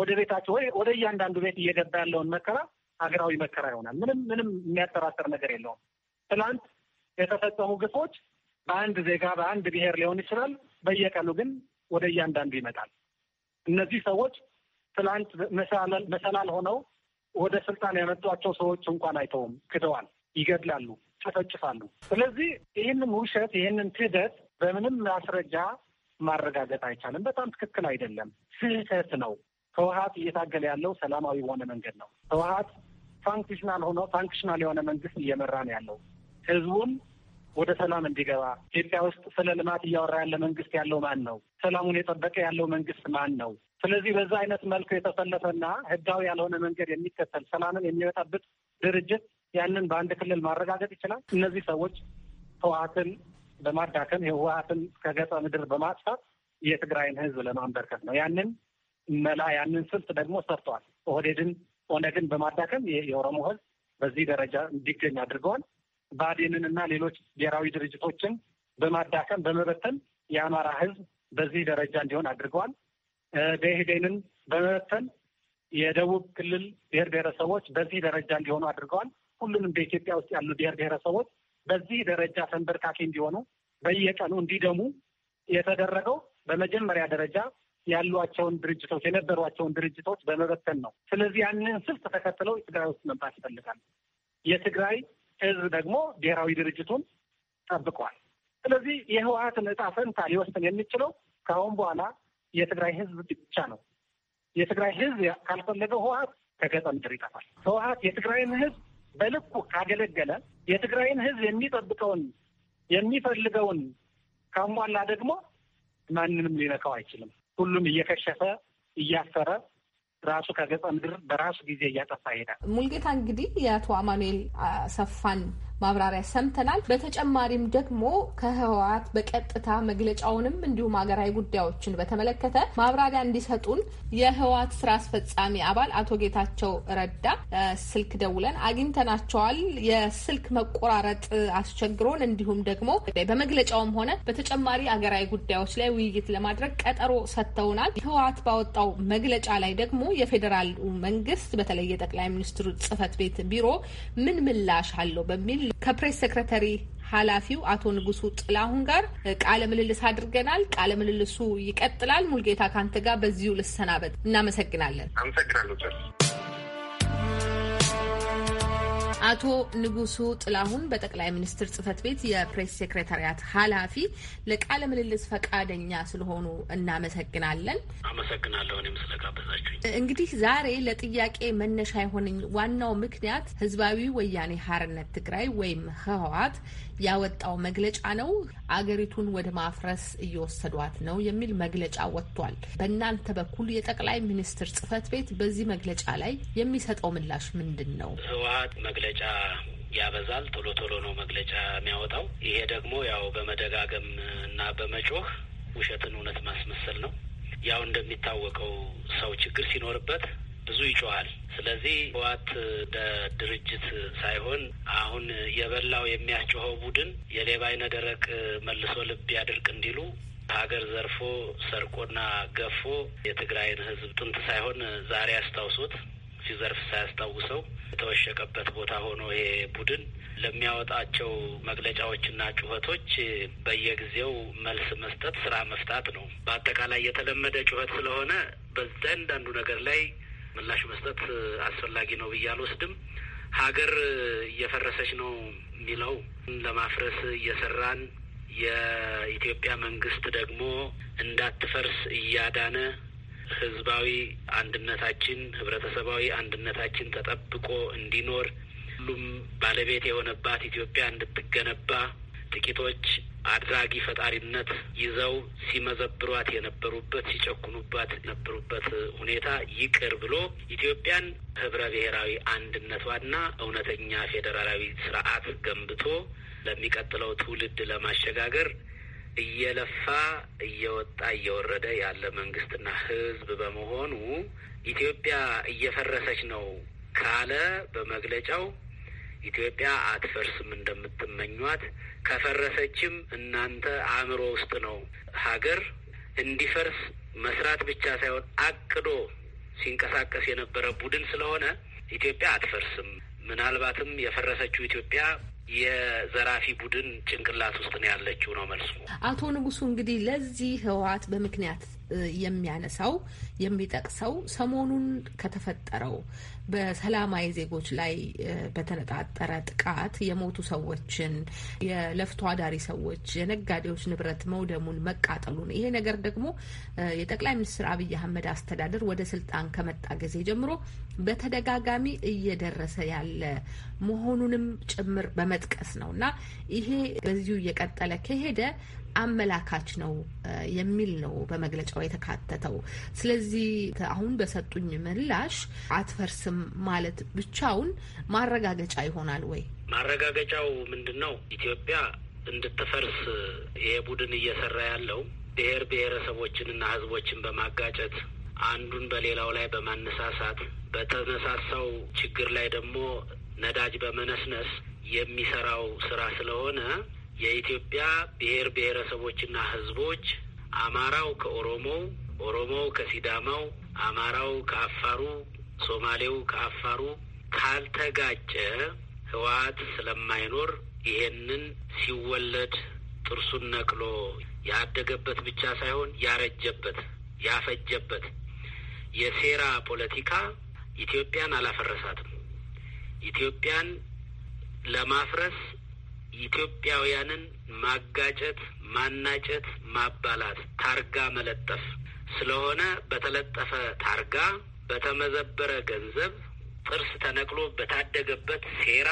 ወደ ቤታቸው ወይ ወደ እያንዳንዱ ቤት እየገባ ያለውን መከራ ሀገራዊ መከራ ይሆናል። ምንም ምንም የሚያጠራጠር ነገር የለውም። ትላንት የተፈጸሙ ግፎች በአንድ ዜጋ በአንድ ብሔር ሊሆን ይችላል። በየቀኑ ግን ወደ እያንዳንዱ ይመጣል። እነዚህ ሰዎች ትላንት መሰላል ሆነው ወደ ስልጣን ያመጧቸው ሰዎች እንኳን አይተውም። ክደዋል፣ ይገድላሉ፣ ጨፈጭፋሉ። ስለዚህ ይህንን ውሸት ይህንን ክህደት በምንም ማስረጃ ማረጋገጥ አይቻልም። በጣም ትክክል አይደለም፣ ስህተት ነው። ህወሀት እየታገለ ያለው ሰላማዊ በሆነ መንገድ ነው። ህወሀት ፋንክሽናል ሆኖ ፋንክሽናል የሆነ መንግስት እየመራ ነው ያለው ህዝቡን ወደ ሰላም እንዲገባ ኢትዮጵያ ውስጥ ስለ ልማት እያወራ ያለ መንግስት ያለው ማን ነው? ሰላሙን የጠበቀ ያለው መንግስት ማን ነው? ስለዚህ በዛ አይነት መልኩ የተሰለፈና ህጋዊ ያልሆነ መንገድ የሚከተል ሰላምን የሚበጣብጥ ድርጅት ያንን በአንድ ክልል ማረጋገጥ ይችላል? እነዚህ ሰዎች ህወሀትን በማዳከም የህወሀትን ከገጸ ምድር በማጥፋት የትግራይን ህዝብ ለማንበርከት ነው። ያንን መላ ያንን ስልት ደግሞ ሰርተዋል። ኦህዴድን ኦነግን በማዳከም የኦሮሞ ህዝብ በዚህ ደረጃ እንዲገኝ አድርገዋል። ብአዴንን እና ሌሎች ብሔራዊ ድርጅቶችን በማዳከም በመበተን የአማራ ህዝብ በዚህ ደረጃ እንዲሆን አድርገዋል። ደኢህዴንን በመበተን የደቡብ ክልል ብሔር ብሔረሰቦች በዚህ ደረጃ እንዲሆኑ አድርገዋል። ሁሉንም በኢትዮጵያ ውስጥ ያሉ ብሔር ብሔረሰቦች በዚህ ደረጃ ተንበርካኪ እንዲሆኑ በየቀኑ እንዲደሙ የተደረገው በመጀመሪያ ደረጃ ያሏቸውን ድርጅቶች የነበሯቸውን ድርጅቶች በመበተን ነው። ስለዚህ ያንን ስልት ተከትለው ትግራይ ውስጥ መምጣት ይፈልጋል። የትግራይ ህዝብ ደግሞ ብሔራዊ ድርጅቱን ጠብቋል። ስለዚህ የህወሀትን እጣ ፈንታ ሊወስን የሚችለው ከአሁን በኋላ የትግራይ ህዝብ ብቻ ነው። የትግራይ ህዝብ ካልፈለገው ህወሀት ከገጠ ምድር ይጠፋል። ህወሀት የትግራይን ህዝብ በልኩ ካገለገለ የትግራይን ህዝብ የሚጠብቀውን የሚፈልገውን ካሟላ ደግሞ ማንንም ሊነካው አይችልም። ሁሉም እየከሸፈ እያፈረ ራሱ ከገጸ ምድር በራሱ ጊዜ እያጠፋ ይሄዳል። ሙልጌታ እንግዲህ የአቶ አማኑኤል አሰፋን ማብራሪያ ሰምተናል። በተጨማሪም ደግሞ ከህወሓት በቀጥታ መግለጫውንም እንዲሁም ሀገራዊ ጉዳዮችን በተመለከተ ማብራሪያ እንዲሰጡን የህወሓት ስራ አስፈጻሚ አባል አቶ ጌታቸው ረዳ ስልክ ደውለን አግኝተናቸዋል። የስልክ መቆራረጥ አስቸግሮን እንዲሁም ደግሞ በመግለጫውም ሆነ በተጨማሪ ሀገራዊ ጉዳዮች ላይ ውይይት ለማድረግ ቀጠሮ ሰጥተውናል። ህወሓት ባወጣው መግለጫ ላይ ደግሞ የፌዴራሉ መንግስት በተለይ የጠቅላይ ሚኒስትሩ ጽህፈት ቤት ቢሮ ምን ምላሽ አለው በሚል ከፕሬስ ሴክረተሪ ኃላፊው አቶ ንጉሱ ጥላሁን ጋር ቃለ ምልልስ አድርገናል። ቃለ ምልልሱ ይቀጥላል። ሙልጌታ ካንተ ጋር በዚሁ ልሰናበት። እናመሰግናለን። አመሰግናለሁ። አቶ ንጉሱ ጥላሁን በጠቅላይ ሚኒስትር ጽህፈት ቤት የፕሬስ ሴክሬታሪያት ኃላፊ ለቃለ ምልልስ ፈቃደኛ ስለሆኑ እናመሰግናለን። አመሰግናለሁ እኔም ስለጋበዛችሁ። እንግዲህ ዛሬ ለጥያቄ መነሻ የሆነኝ ዋናው ምክንያት ህዝባዊ ወያኔ ሀርነት ትግራይ ወይም ህወሓት ያወጣው መግለጫ ነው። አገሪቱን ወደ ማፍረስ እየወሰዷት ነው የሚል መግለጫ ወጥቷል። በእናንተ በኩል የጠቅላይ ሚኒስትር ጽህፈት ቤት በዚህ መግለጫ ላይ የሚሰጠው ምላሽ ምንድን ነው? ህወሓት መግለ መግለጫ ያበዛል። ቶሎ ቶሎ ነው መግለጫ የሚያወጣው። ይሄ ደግሞ ያው በመደጋገም እና በመጮህ ውሸትን እውነት ማስመሰል ነው። ያው እንደሚታወቀው ሰው ችግር ሲኖርበት ብዙ ይጮሃል። ስለዚህ ህወሓት እንደ ድርጅት ሳይሆን አሁን የበላው የሚያጮኸው ቡድን የሌባ አይነ ደረቅ መልሶ ልብ ያድርቅ እንዲሉ ሀገር ዘርፎ ሰርቆና ገፎ የትግራይን ህዝብ ጥንት ሳይሆን ዛሬ አስታውሶት ዘርፍ ሳያስታውሰው የተወሸቀበት ቦታ ሆኖ ይሄ ቡድን ለሚያወጣቸው መግለጫዎችና ጩኸቶች በየጊዜው መልስ መስጠት ስራ መፍታት ነው። በአጠቃላይ የተለመደ ጩኸት ስለሆነ በእያንዳንዱ ነገር ላይ ምላሽ መስጠት አስፈላጊ ነው ብዬ አልወስድም። ሀገር እየፈረሰች ነው የሚለው ለማፍረስ እየሰራን የኢትዮጵያ መንግስት ደግሞ እንዳትፈርስ እያዳነ ህዝባዊ አንድነታችን፣ ህብረተሰባዊ አንድነታችን ተጠብቆ እንዲኖር ሁሉም ባለቤት የሆነባት ኢትዮጵያ እንድትገነባ ጥቂቶች አድራጊ ፈጣሪነት ይዘው ሲመዘብሯት የነበሩበት ሲጨኩኑባት የነበሩበት ሁኔታ ይቅር ብሎ ኢትዮጵያን ህብረ ብሔራዊ አንድነቷና እውነተኛ ፌዴራላዊ ስርዓት ገንብቶ ለሚቀጥለው ትውልድ ለማሸጋገር እየለፋ እየወጣ እየወረደ ያለ መንግስትና ህዝብ በመሆኑ ኢትዮጵያ እየፈረሰች ነው ካለ በመግለጫው ኢትዮጵያ አትፈርስም እንደምትመኟት፣ ከፈረሰችም እናንተ አእምሮ ውስጥ ነው። ሀገር እንዲፈርስ መስራት ብቻ ሳይሆን አቅዶ ሲንቀሳቀስ የነበረ ቡድን ስለሆነ ኢትዮጵያ አትፈርስም። ምናልባትም የፈረሰችው ኢትዮጵያ የዘራፊ ቡድን ጭንቅላት ውስጥ ነው ያለችው ነው መልሱ። አቶ ንጉሱ እንግዲህ ለዚህ ህወሀት በምክንያት የሚያነሳው የሚጠቅሰው ሰሞኑን ከተፈጠረው በሰላማዊ ዜጎች ላይ በተነጣጠረ ጥቃት የሞቱ ሰዎችን፣ የለፍቶ አዳሪ ሰዎች፣ የነጋዴዎች ንብረት መውደሙን፣ መቃጠሉን ይሄ ነገር ደግሞ የጠቅላይ ሚኒስትር አብይ አህመድ አስተዳደር ወደ ስልጣን ከመጣ ጊዜ ጀምሮ በተደጋጋሚ እየደረሰ ያለ መሆኑንም ጭምር በመጥቀስ ነው እና ይሄ በዚሁ እየቀጠለ ከሄደ አመላካች ነው የሚል ነው በመግለጫው የተካተተው። ስለዚህ አሁን በሰጡኝ ምላሽ አትፈርስም ማለት ብቻውን ማረጋገጫ ይሆናል ወይ? ማረጋገጫው ምንድን ነው? ኢትዮጵያ እንድትፈርስ ይሄ ቡድን እየሰራ ያለው ብሔር ብሔረሰቦችንና ሕዝቦችን በማጋጨት አንዱን በሌላው ላይ በማነሳሳት በተነሳሳው ችግር ላይ ደግሞ ነዳጅ በመነስነስ የሚሰራው ስራ ስለሆነ የኢትዮጵያ ብሔር ብሔረሰቦችና ህዝቦች አማራው ከኦሮሞው፣ ኦሮሞው ከሲዳማው፣ አማራው ከአፋሩ፣ ሶማሌው ከአፋሩ ካልተጋጨ ህወሓት ስለማይኖር ይሄንን ሲወለድ ጥርሱን ነቅሎ ያደገበት ብቻ ሳይሆን ያረጀበት ያፈጀበት የሴራ ፖለቲካ ኢትዮጵያን አላፈረሳትም። ኢትዮጵያን ለማፍረስ ኢትዮጵያውያንን ማጋጨት፣ ማናጨት፣ ማባላት፣ ታርጋ መለጠፍ ስለሆነ በተለጠፈ ታርጋ በተመዘበረ ገንዘብ ጥርስ ተነቅሎ በታደገበት ሴራ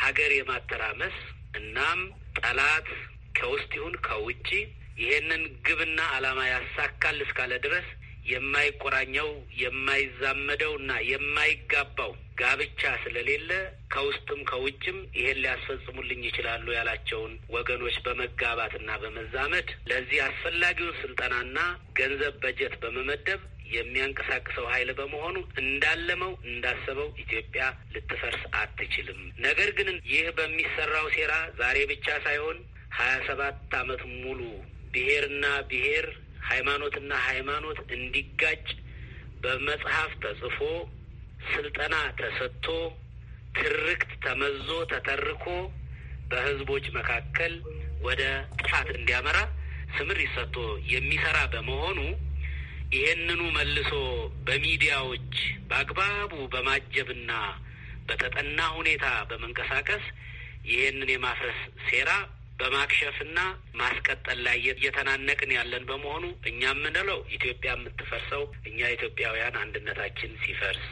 ሀገር የማተራመስ እናም ጠላት ከውስጥ ይሁን ከውጪ ይሄንን ግብና ዓላማ ያሳካል እስካለ ድረስ የማይቆራኘው የማይዛመደው እና የማይጋባው ጋብቻ ስለሌለ ከውስጥም ከውጭም ይሄን ሊያስፈጽሙልኝ ይችላሉ ያላቸውን ወገኖች በመጋባትና በመዛመድ ለዚህ አስፈላጊውን ስልጠናና ገንዘብ በጀት በመመደብ የሚያንቀሳቅሰው ኃይል በመሆኑ እንዳለመው እንዳሰበው ኢትዮጵያ ልትፈርስ አትችልም። ነገር ግን ይህ በሚሰራው ሴራ ዛሬ ብቻ ሳይሆን ሀያ ሰባት አመት ሙሉ ብሔርና ብሔር ሃይማኖትና ሃይማኖት እንዲጋጭ በመጽሐፍ ተጽፎ ስልጠና ተሰጥቶ ትርክት ተመዞ ተተርኮ በህዝቦች መካከል ወደ ጥፋት እንዲያመራ ስምር ይሰጥቶ የሚሰራ በመሆኑ ይሄንኑ መልሶ በሚዲያዎች በአግባቡ በማጀብና በተጠና ሁኔታ በመንቀሳቀስ ይሄንን የማፍረስ ሴራ በማክሸፍና ማስቀጠል ላይ እየተናነቅን ያለን በመሆኑ እኛ የምንለው ኢትዮጵያ የምትፈርሰው እኛ ኢትዮጵያውያን አንድነታችን ሲፈርስ፣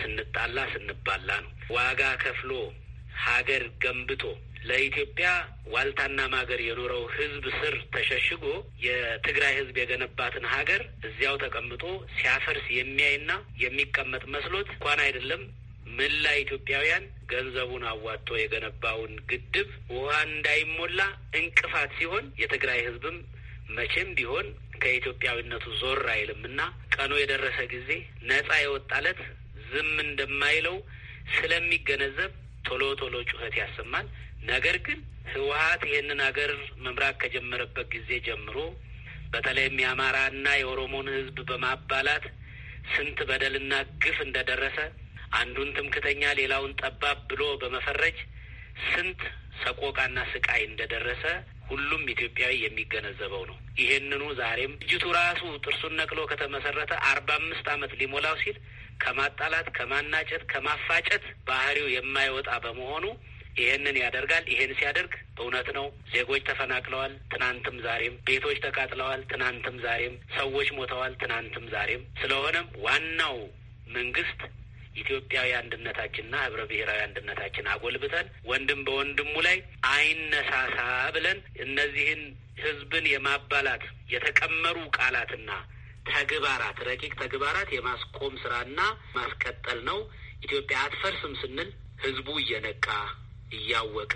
ስንጣላ፣ ስንባላ ነው። ዋጋ ከፍሎ ሀገር ገንብቶ ለኢትዮጵያ ዋልታና ማገር የኖረው ሕዝብ ስር ተሸሽጎ የትግራይ ሕዝብ የገነባትን ሀገር እዚያው ተቀምጦ ሲያፈርስ የሚያይና የሚቀመጥ መስሎት እንኳን አይደለም መላ ኢትዮጵያውያን ገንዘቡን አዋጥቶ የገነባውን ግድብ ውሃ እንዳይሞላ እንቅፋት ሲሆን የትግራይ ህዝብም መቼም ቢሆን ከኢትዮጵያዊነቱ ዞር አይልም ቀኑ የደረሰ ጊዜ ነጻ የወጣለት ዝም እንደማይለው ስለሚገነዘብ ቶሎ ቶሎ ጩኸት ያሰማል። ነገር ግን ህወሀት ይህንን ሀገር መምራት ከጀመረበት ጊዜ ጀምሮ በተለይም የአማራና የኦሮሞን ህዝብ በማባላት ስንት በደልና ግፍ እንደደረሰ አንዱን ትምክተኛ ሌላውን ጠባብ ብሎ በመፈረጅ ስንት ሰቆቃና ስቃይ እንደደረሰ ሁሉም ኢትዮጵያዊ የሚገነዘበው ነው። ይሄንኑ ዛሬም እጅቱ ራሱ ጥርሱን ነቅሎ ከተመሰረተ አርባ አምስት ዓመት ሊሞላው ሲል ከማጣላት ከማናጨት፣ ከማፋጨት ባህሪው የማይወጣ በመሆኑ ይሄንን ያደርጋል። ይሄን ሲያደርግ እውነት ነው ዜጎች ተፈናቅለዋል፣ ትናንትም ዛሬም ቤቶች ተቃጥለዋል፣ ትናንትም ዛሬም ሰዎች ሞተዋል፣ ትናንትም ዛሬም። ስለሆነም ዋናው መንግስት ኢትዮጵያዊ አንድነታችንና ህብረ ብሔራዊ አንድነታችን አጎልብተን ወንድም በወንድሙ ላይ አይነሳሳ ብለን እነዚህን ህዝብን የማባላት የተቀመሩ ቃላትና ተግባራት ረቂቅ ተግባራት የማስቆም ስራና ማስቀጠል ነው። ኢትዮጵያ አትፈርስም ስንል ህዝቡ እየነቃ እያወቀ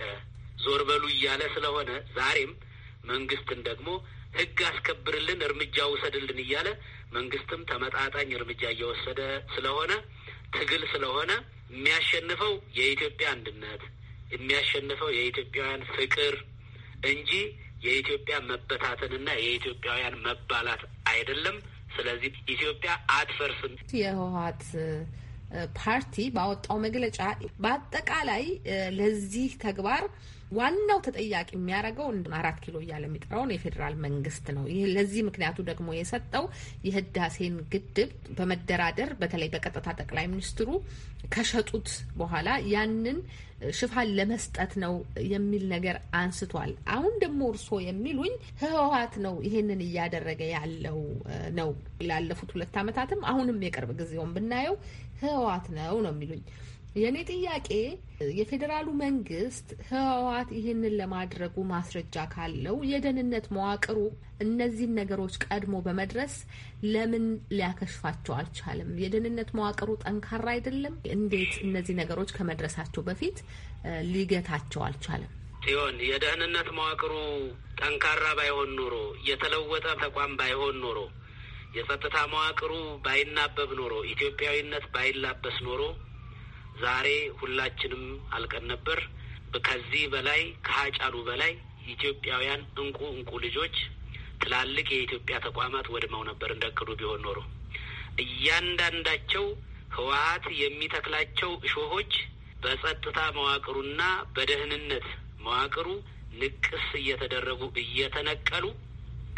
ዞር በሉ እያለ ስለሆነ ዛሬም መንግስትን ደግሞ ህግ አስከብርልን፣ እርምጃ ውሰድልን እያለ መንግስትም ተመጣጣኝ እርምጃ እየወሰደ ስለሆነ ትግል ስለሆነ የሚያሸንፈው የኢትዮጵያ አንድነት የሚያሸንፈው የኢትዮጵያውያን ፍቅር እንጂ የኢትዮጵያ መበታተንና የኢትዮጵያውያን መባላት አይደለም። ስለዚህ ኢትዮጵያ አትፈርስም። የህወሀት ፓርቲ ባወጣው መግለጫ በአጠቃላይ ለዚህ ተግባር ዋናው ተጠያቂ የሚያደርገው አራት ኪሎ እያለ የሚጠራውን የፌዴራል መንግስት ነው። ይህ ለዚህ ምክንያቱ ደግሞ የሰጠው የህዳሴን ግድብ በመደራደር በተለይ በቀጥታ ጠቅላይ ሚኒስትሩ ከሸጡት በኋላ ያንን ሽፋን ለመስጠት ነው የሚል ነገር አንስቷል። አሁን ደግሞ እርስዎ የሚሉኝ ህወሀት ነው ይሄንን እያደረገ ያለው ነው። ላለፉት ሁለት ዓመታትም አሁንም የቅርብ ጊዜውን ብናየው ህወሀት ነው ነው የሚሉኝ የእኔ ጥያቄ የፌዴራሉ መንግስት ህወሓት ይህንን ለማድረጉ ማስረጃ ካለው የደህንነት መዋቅሩ እነዚህን ነገሮች ቀድሞ በመድረስ ለምን ሊያከሽፋቸው አልቻለም? የደህንነት መዋቅሩ ጠንካራ አይደለም? እንዴት እነዚህ ነገሮች ከመድረሳቸው በፊት ሊገታቸው አልቻለም? ሲሆን የደህንነት መዋቅሩ ጠንካራ ባይሆን ኖሮ የተለወጠ ተቋም ባይሆን ኖሮ የጸጥታ መዋቅሩ ባይናበብ ኖሮ ኢትዮጵያዊነት ባይላበስ ኖሮ ዛሬ ሁላችንም አልቀን ነበር። ከዚህ በላይ ከሀጫሉ በላይ ኢትዮጵያውያን እንቁ እንቁ ልጆች ትላልቅ የኢትዮጵያ ተቋማት ወድመው ነበር እንደቅዱ ቢሆን ኖሮ እያንዳንዳቸው ህወሀት የሚተክላቸው እሾሆች በጸጥታ መዋቅሩና በደህንነት መዋቅሩ ንቅስ እየተደረጉ እየተነቀሉ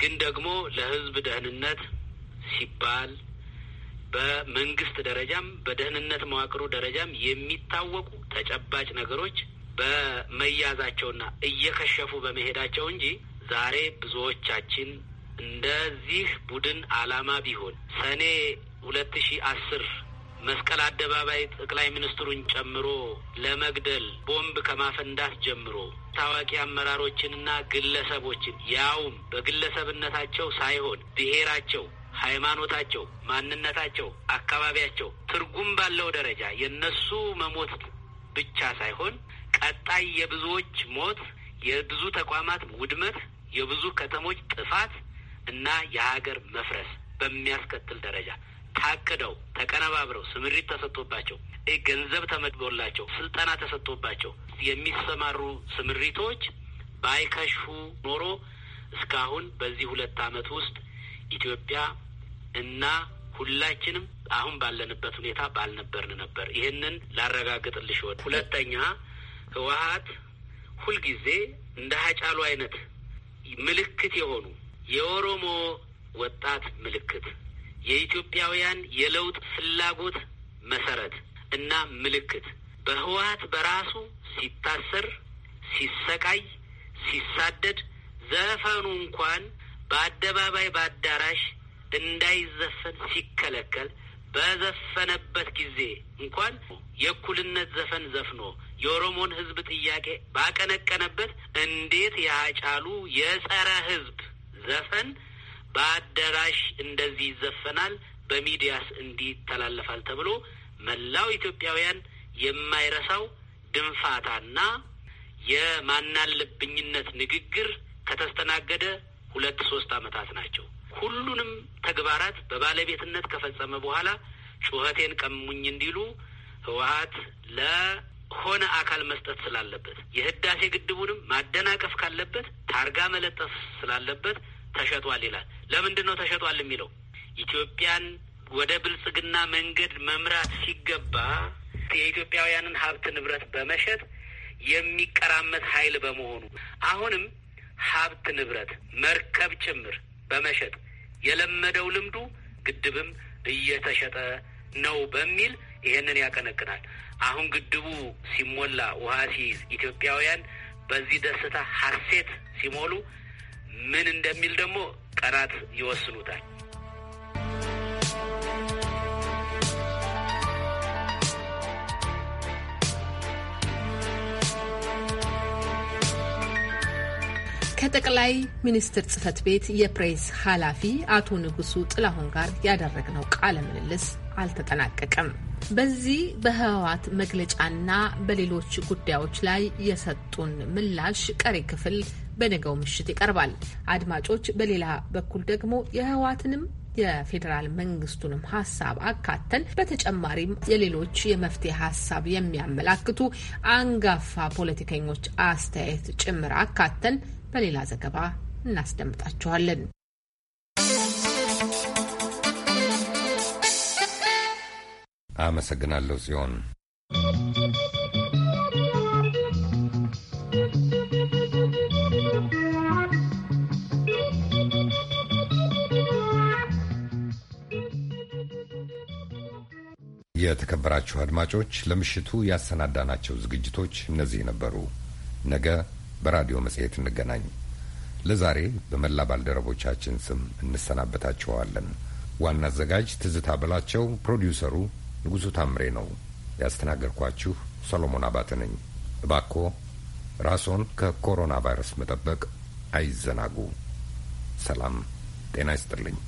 ግን ደግሞ ለህዝብ ደህንነት ሲባል በመንግስት ደረጃም በደህንነት መዋቅሩ ደረጃም የሚታወቁ ተጨባጭ ነገሮች በመያዛቸውና እየከሸፉ በመሄዳቸው እንጂ ዛሬ ብዙዎቻችን እንደዚህ ቡድን አላማ ቢሆን ሰኔ ሁለት ሺ አስር መስቀል አደባባይ ጠቅላይ ሚኒስትሩን ጨምሮ ለመግደል ቦምብ ከማፈንዳት ጀምሮ ታዋቂ አመራሮችንና ግለሰቦችን ያውም በግለሰብነታቸው ሳይሆን ብሔራቸው ሃይማኖታቸው፣ ማንነታቸው፣ አካባቢያቸው ትርጉም ባለው ደረጃ የነሱ መሞት ብቻ ሳይሆን ቀጣይ የብዙዎች ሞት፣ የብዙ ተቋማት ውድመት፣ የብዙ ከተሞች ጥፋት እና የሀገር መፍረስ በሚያስከትል ደረጃ ታቅደው ተቀነባብረው ስምሪት ተሰጥቶባቸው ገንዘብ ተመድቦላቸው ስልጠና ተሰጥቶባቸው የሚሰማሩ ስምሪቶች ባይከሹ ኖሮ እስካሁን በዚህ ሁለት ዓመት ውስጥ ኢትዮጵያ እና ሁላችንም አሁን ባለንበት ሁኔታ ባልነበርን ነበር። ይህንን ላረጋግጥልሽ ወድ ሁለተኛ ህወሀት ሁልጊዜ እንደ ሀጫሉ አይነት ምልክት የሆኑ የኦሮሞ ወጣት ምልክት፣ የኢትዮጵያውያን የለውጥ ፍላጎት መሰረት እና ምልክት በህወሀት በራሱ ሲታሰር፣ ሲሰቃይ፣ ሲሳደድ ዘፈኑ እንኳን በአደባባይ በአዳራሽ እንዳይዘፈን ሲከለከል በዘፈነበት ጊዜ እንኳን የእኩልነት ዘፈን ዘፍኖ የኦሮሞን ህዝብ ጥያቄ ባቀነቀነበት እንዴት ያጫሉ የጸረ ህዝብ ዘፈን በአዳራሽ እንደዚህ ይዘፈናል፣ በሚዲያስ እንዲህ ይተላለፋል ተብሎ መላው ኢትዮጵያውያን የማይረሳው ድንፋታና የማናለብኝነት ንግግር ከተስተናገደ ሁለት ሶስት አመታት ናቸው። ሁሉንም ተግባራት በባለቤትነት ከፈጸመ በኋላ ጩኸቴን ቀሙኝ እንዲሉ ህወሀት ለሆነ አካል መስጠት ስላለበት የህዳሴ ግድቡንም ማደናቀፍ ካለበት ታርጋ መለጠፍ ስላለበት ተሸጧል ይላል። ለምንድን ነው ተሸጧል የሚለው? ኢትዮጵያን ወደ ብልጽግና መንገድ መምራት ሲገባ የኢትዮጵያውያንን ሀብት ንብረት በመሸጥ የሚቀራመት ኃይል በመሆኑ አሁንም ሀብት ንብረት መርከብ ጭምር በመሸጥ የለመደው ልምዱ ግድብም እየተሸጠ ነው በሚል ይሄንን ያቀነቅናል። አሁን ግድቡ ሲሞላ ውሃ ሲይዝ ኢትዮጵያውያን በዚህ ደስታ ሀሴት ሲሞሉ ምን እንደሚል ደግሞ ቀናት ይወስኑታል። ከጠቅላይ ሚኒስትር ጽህፈት ቤት የፕሬስ ኃላፊ አቶ ንጉሱ ጥላሁን ጋር ያደረግነው ቃለ ምልልስ አልተጠናቀቀም። በዚህ በህወሓት መግለጫና በሌሎች ጉዳዮች ላይ የሰጡን ምላሽ ቀሪ ክፍል በነገው ምሽት ይቀርባል። አድማጮች፣ በሌላ በኩል ደግሞ የህወሓትንም የፌዴራል መንግስቱንም ሀሳብ አካተን በተጨማሪም የሌሎች የመፍትሄ ሀሳብ የሚያመላክቱ አንጋፋ ፖለቲከኞች አስተያየት ጭምር አካተን በሌላ ዘገባ እናስደምጣችኋለን። አመሰግናለሁ ጽዮን። የተከበራችሁ አድማጮች ለምሽቱ ያሰናዳናቸው ዝግጅቶች እነዚህ ነበሩ። ነገ በራዲዮ መጽሔት እንገናኝ። ለዛሬ በመላ ባልደረቦቻችን ስም እንሰናበታችኋለን። ዋና አዘጋጅ ትዝታ ብላቸው ፕሮዲውሰሩ ንጉሡ ታምሬ ነው። ያስተናገድኳችሁ ሰሎሞን አባተ ነኝ። እባኮ ራስዎን ከኮሮና ቫይረስ መጠበቅ አይዘናጉ። ሰላም ጤና ይስጥልኝ።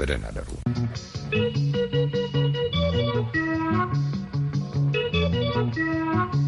በደህና አደሩ። Thank you.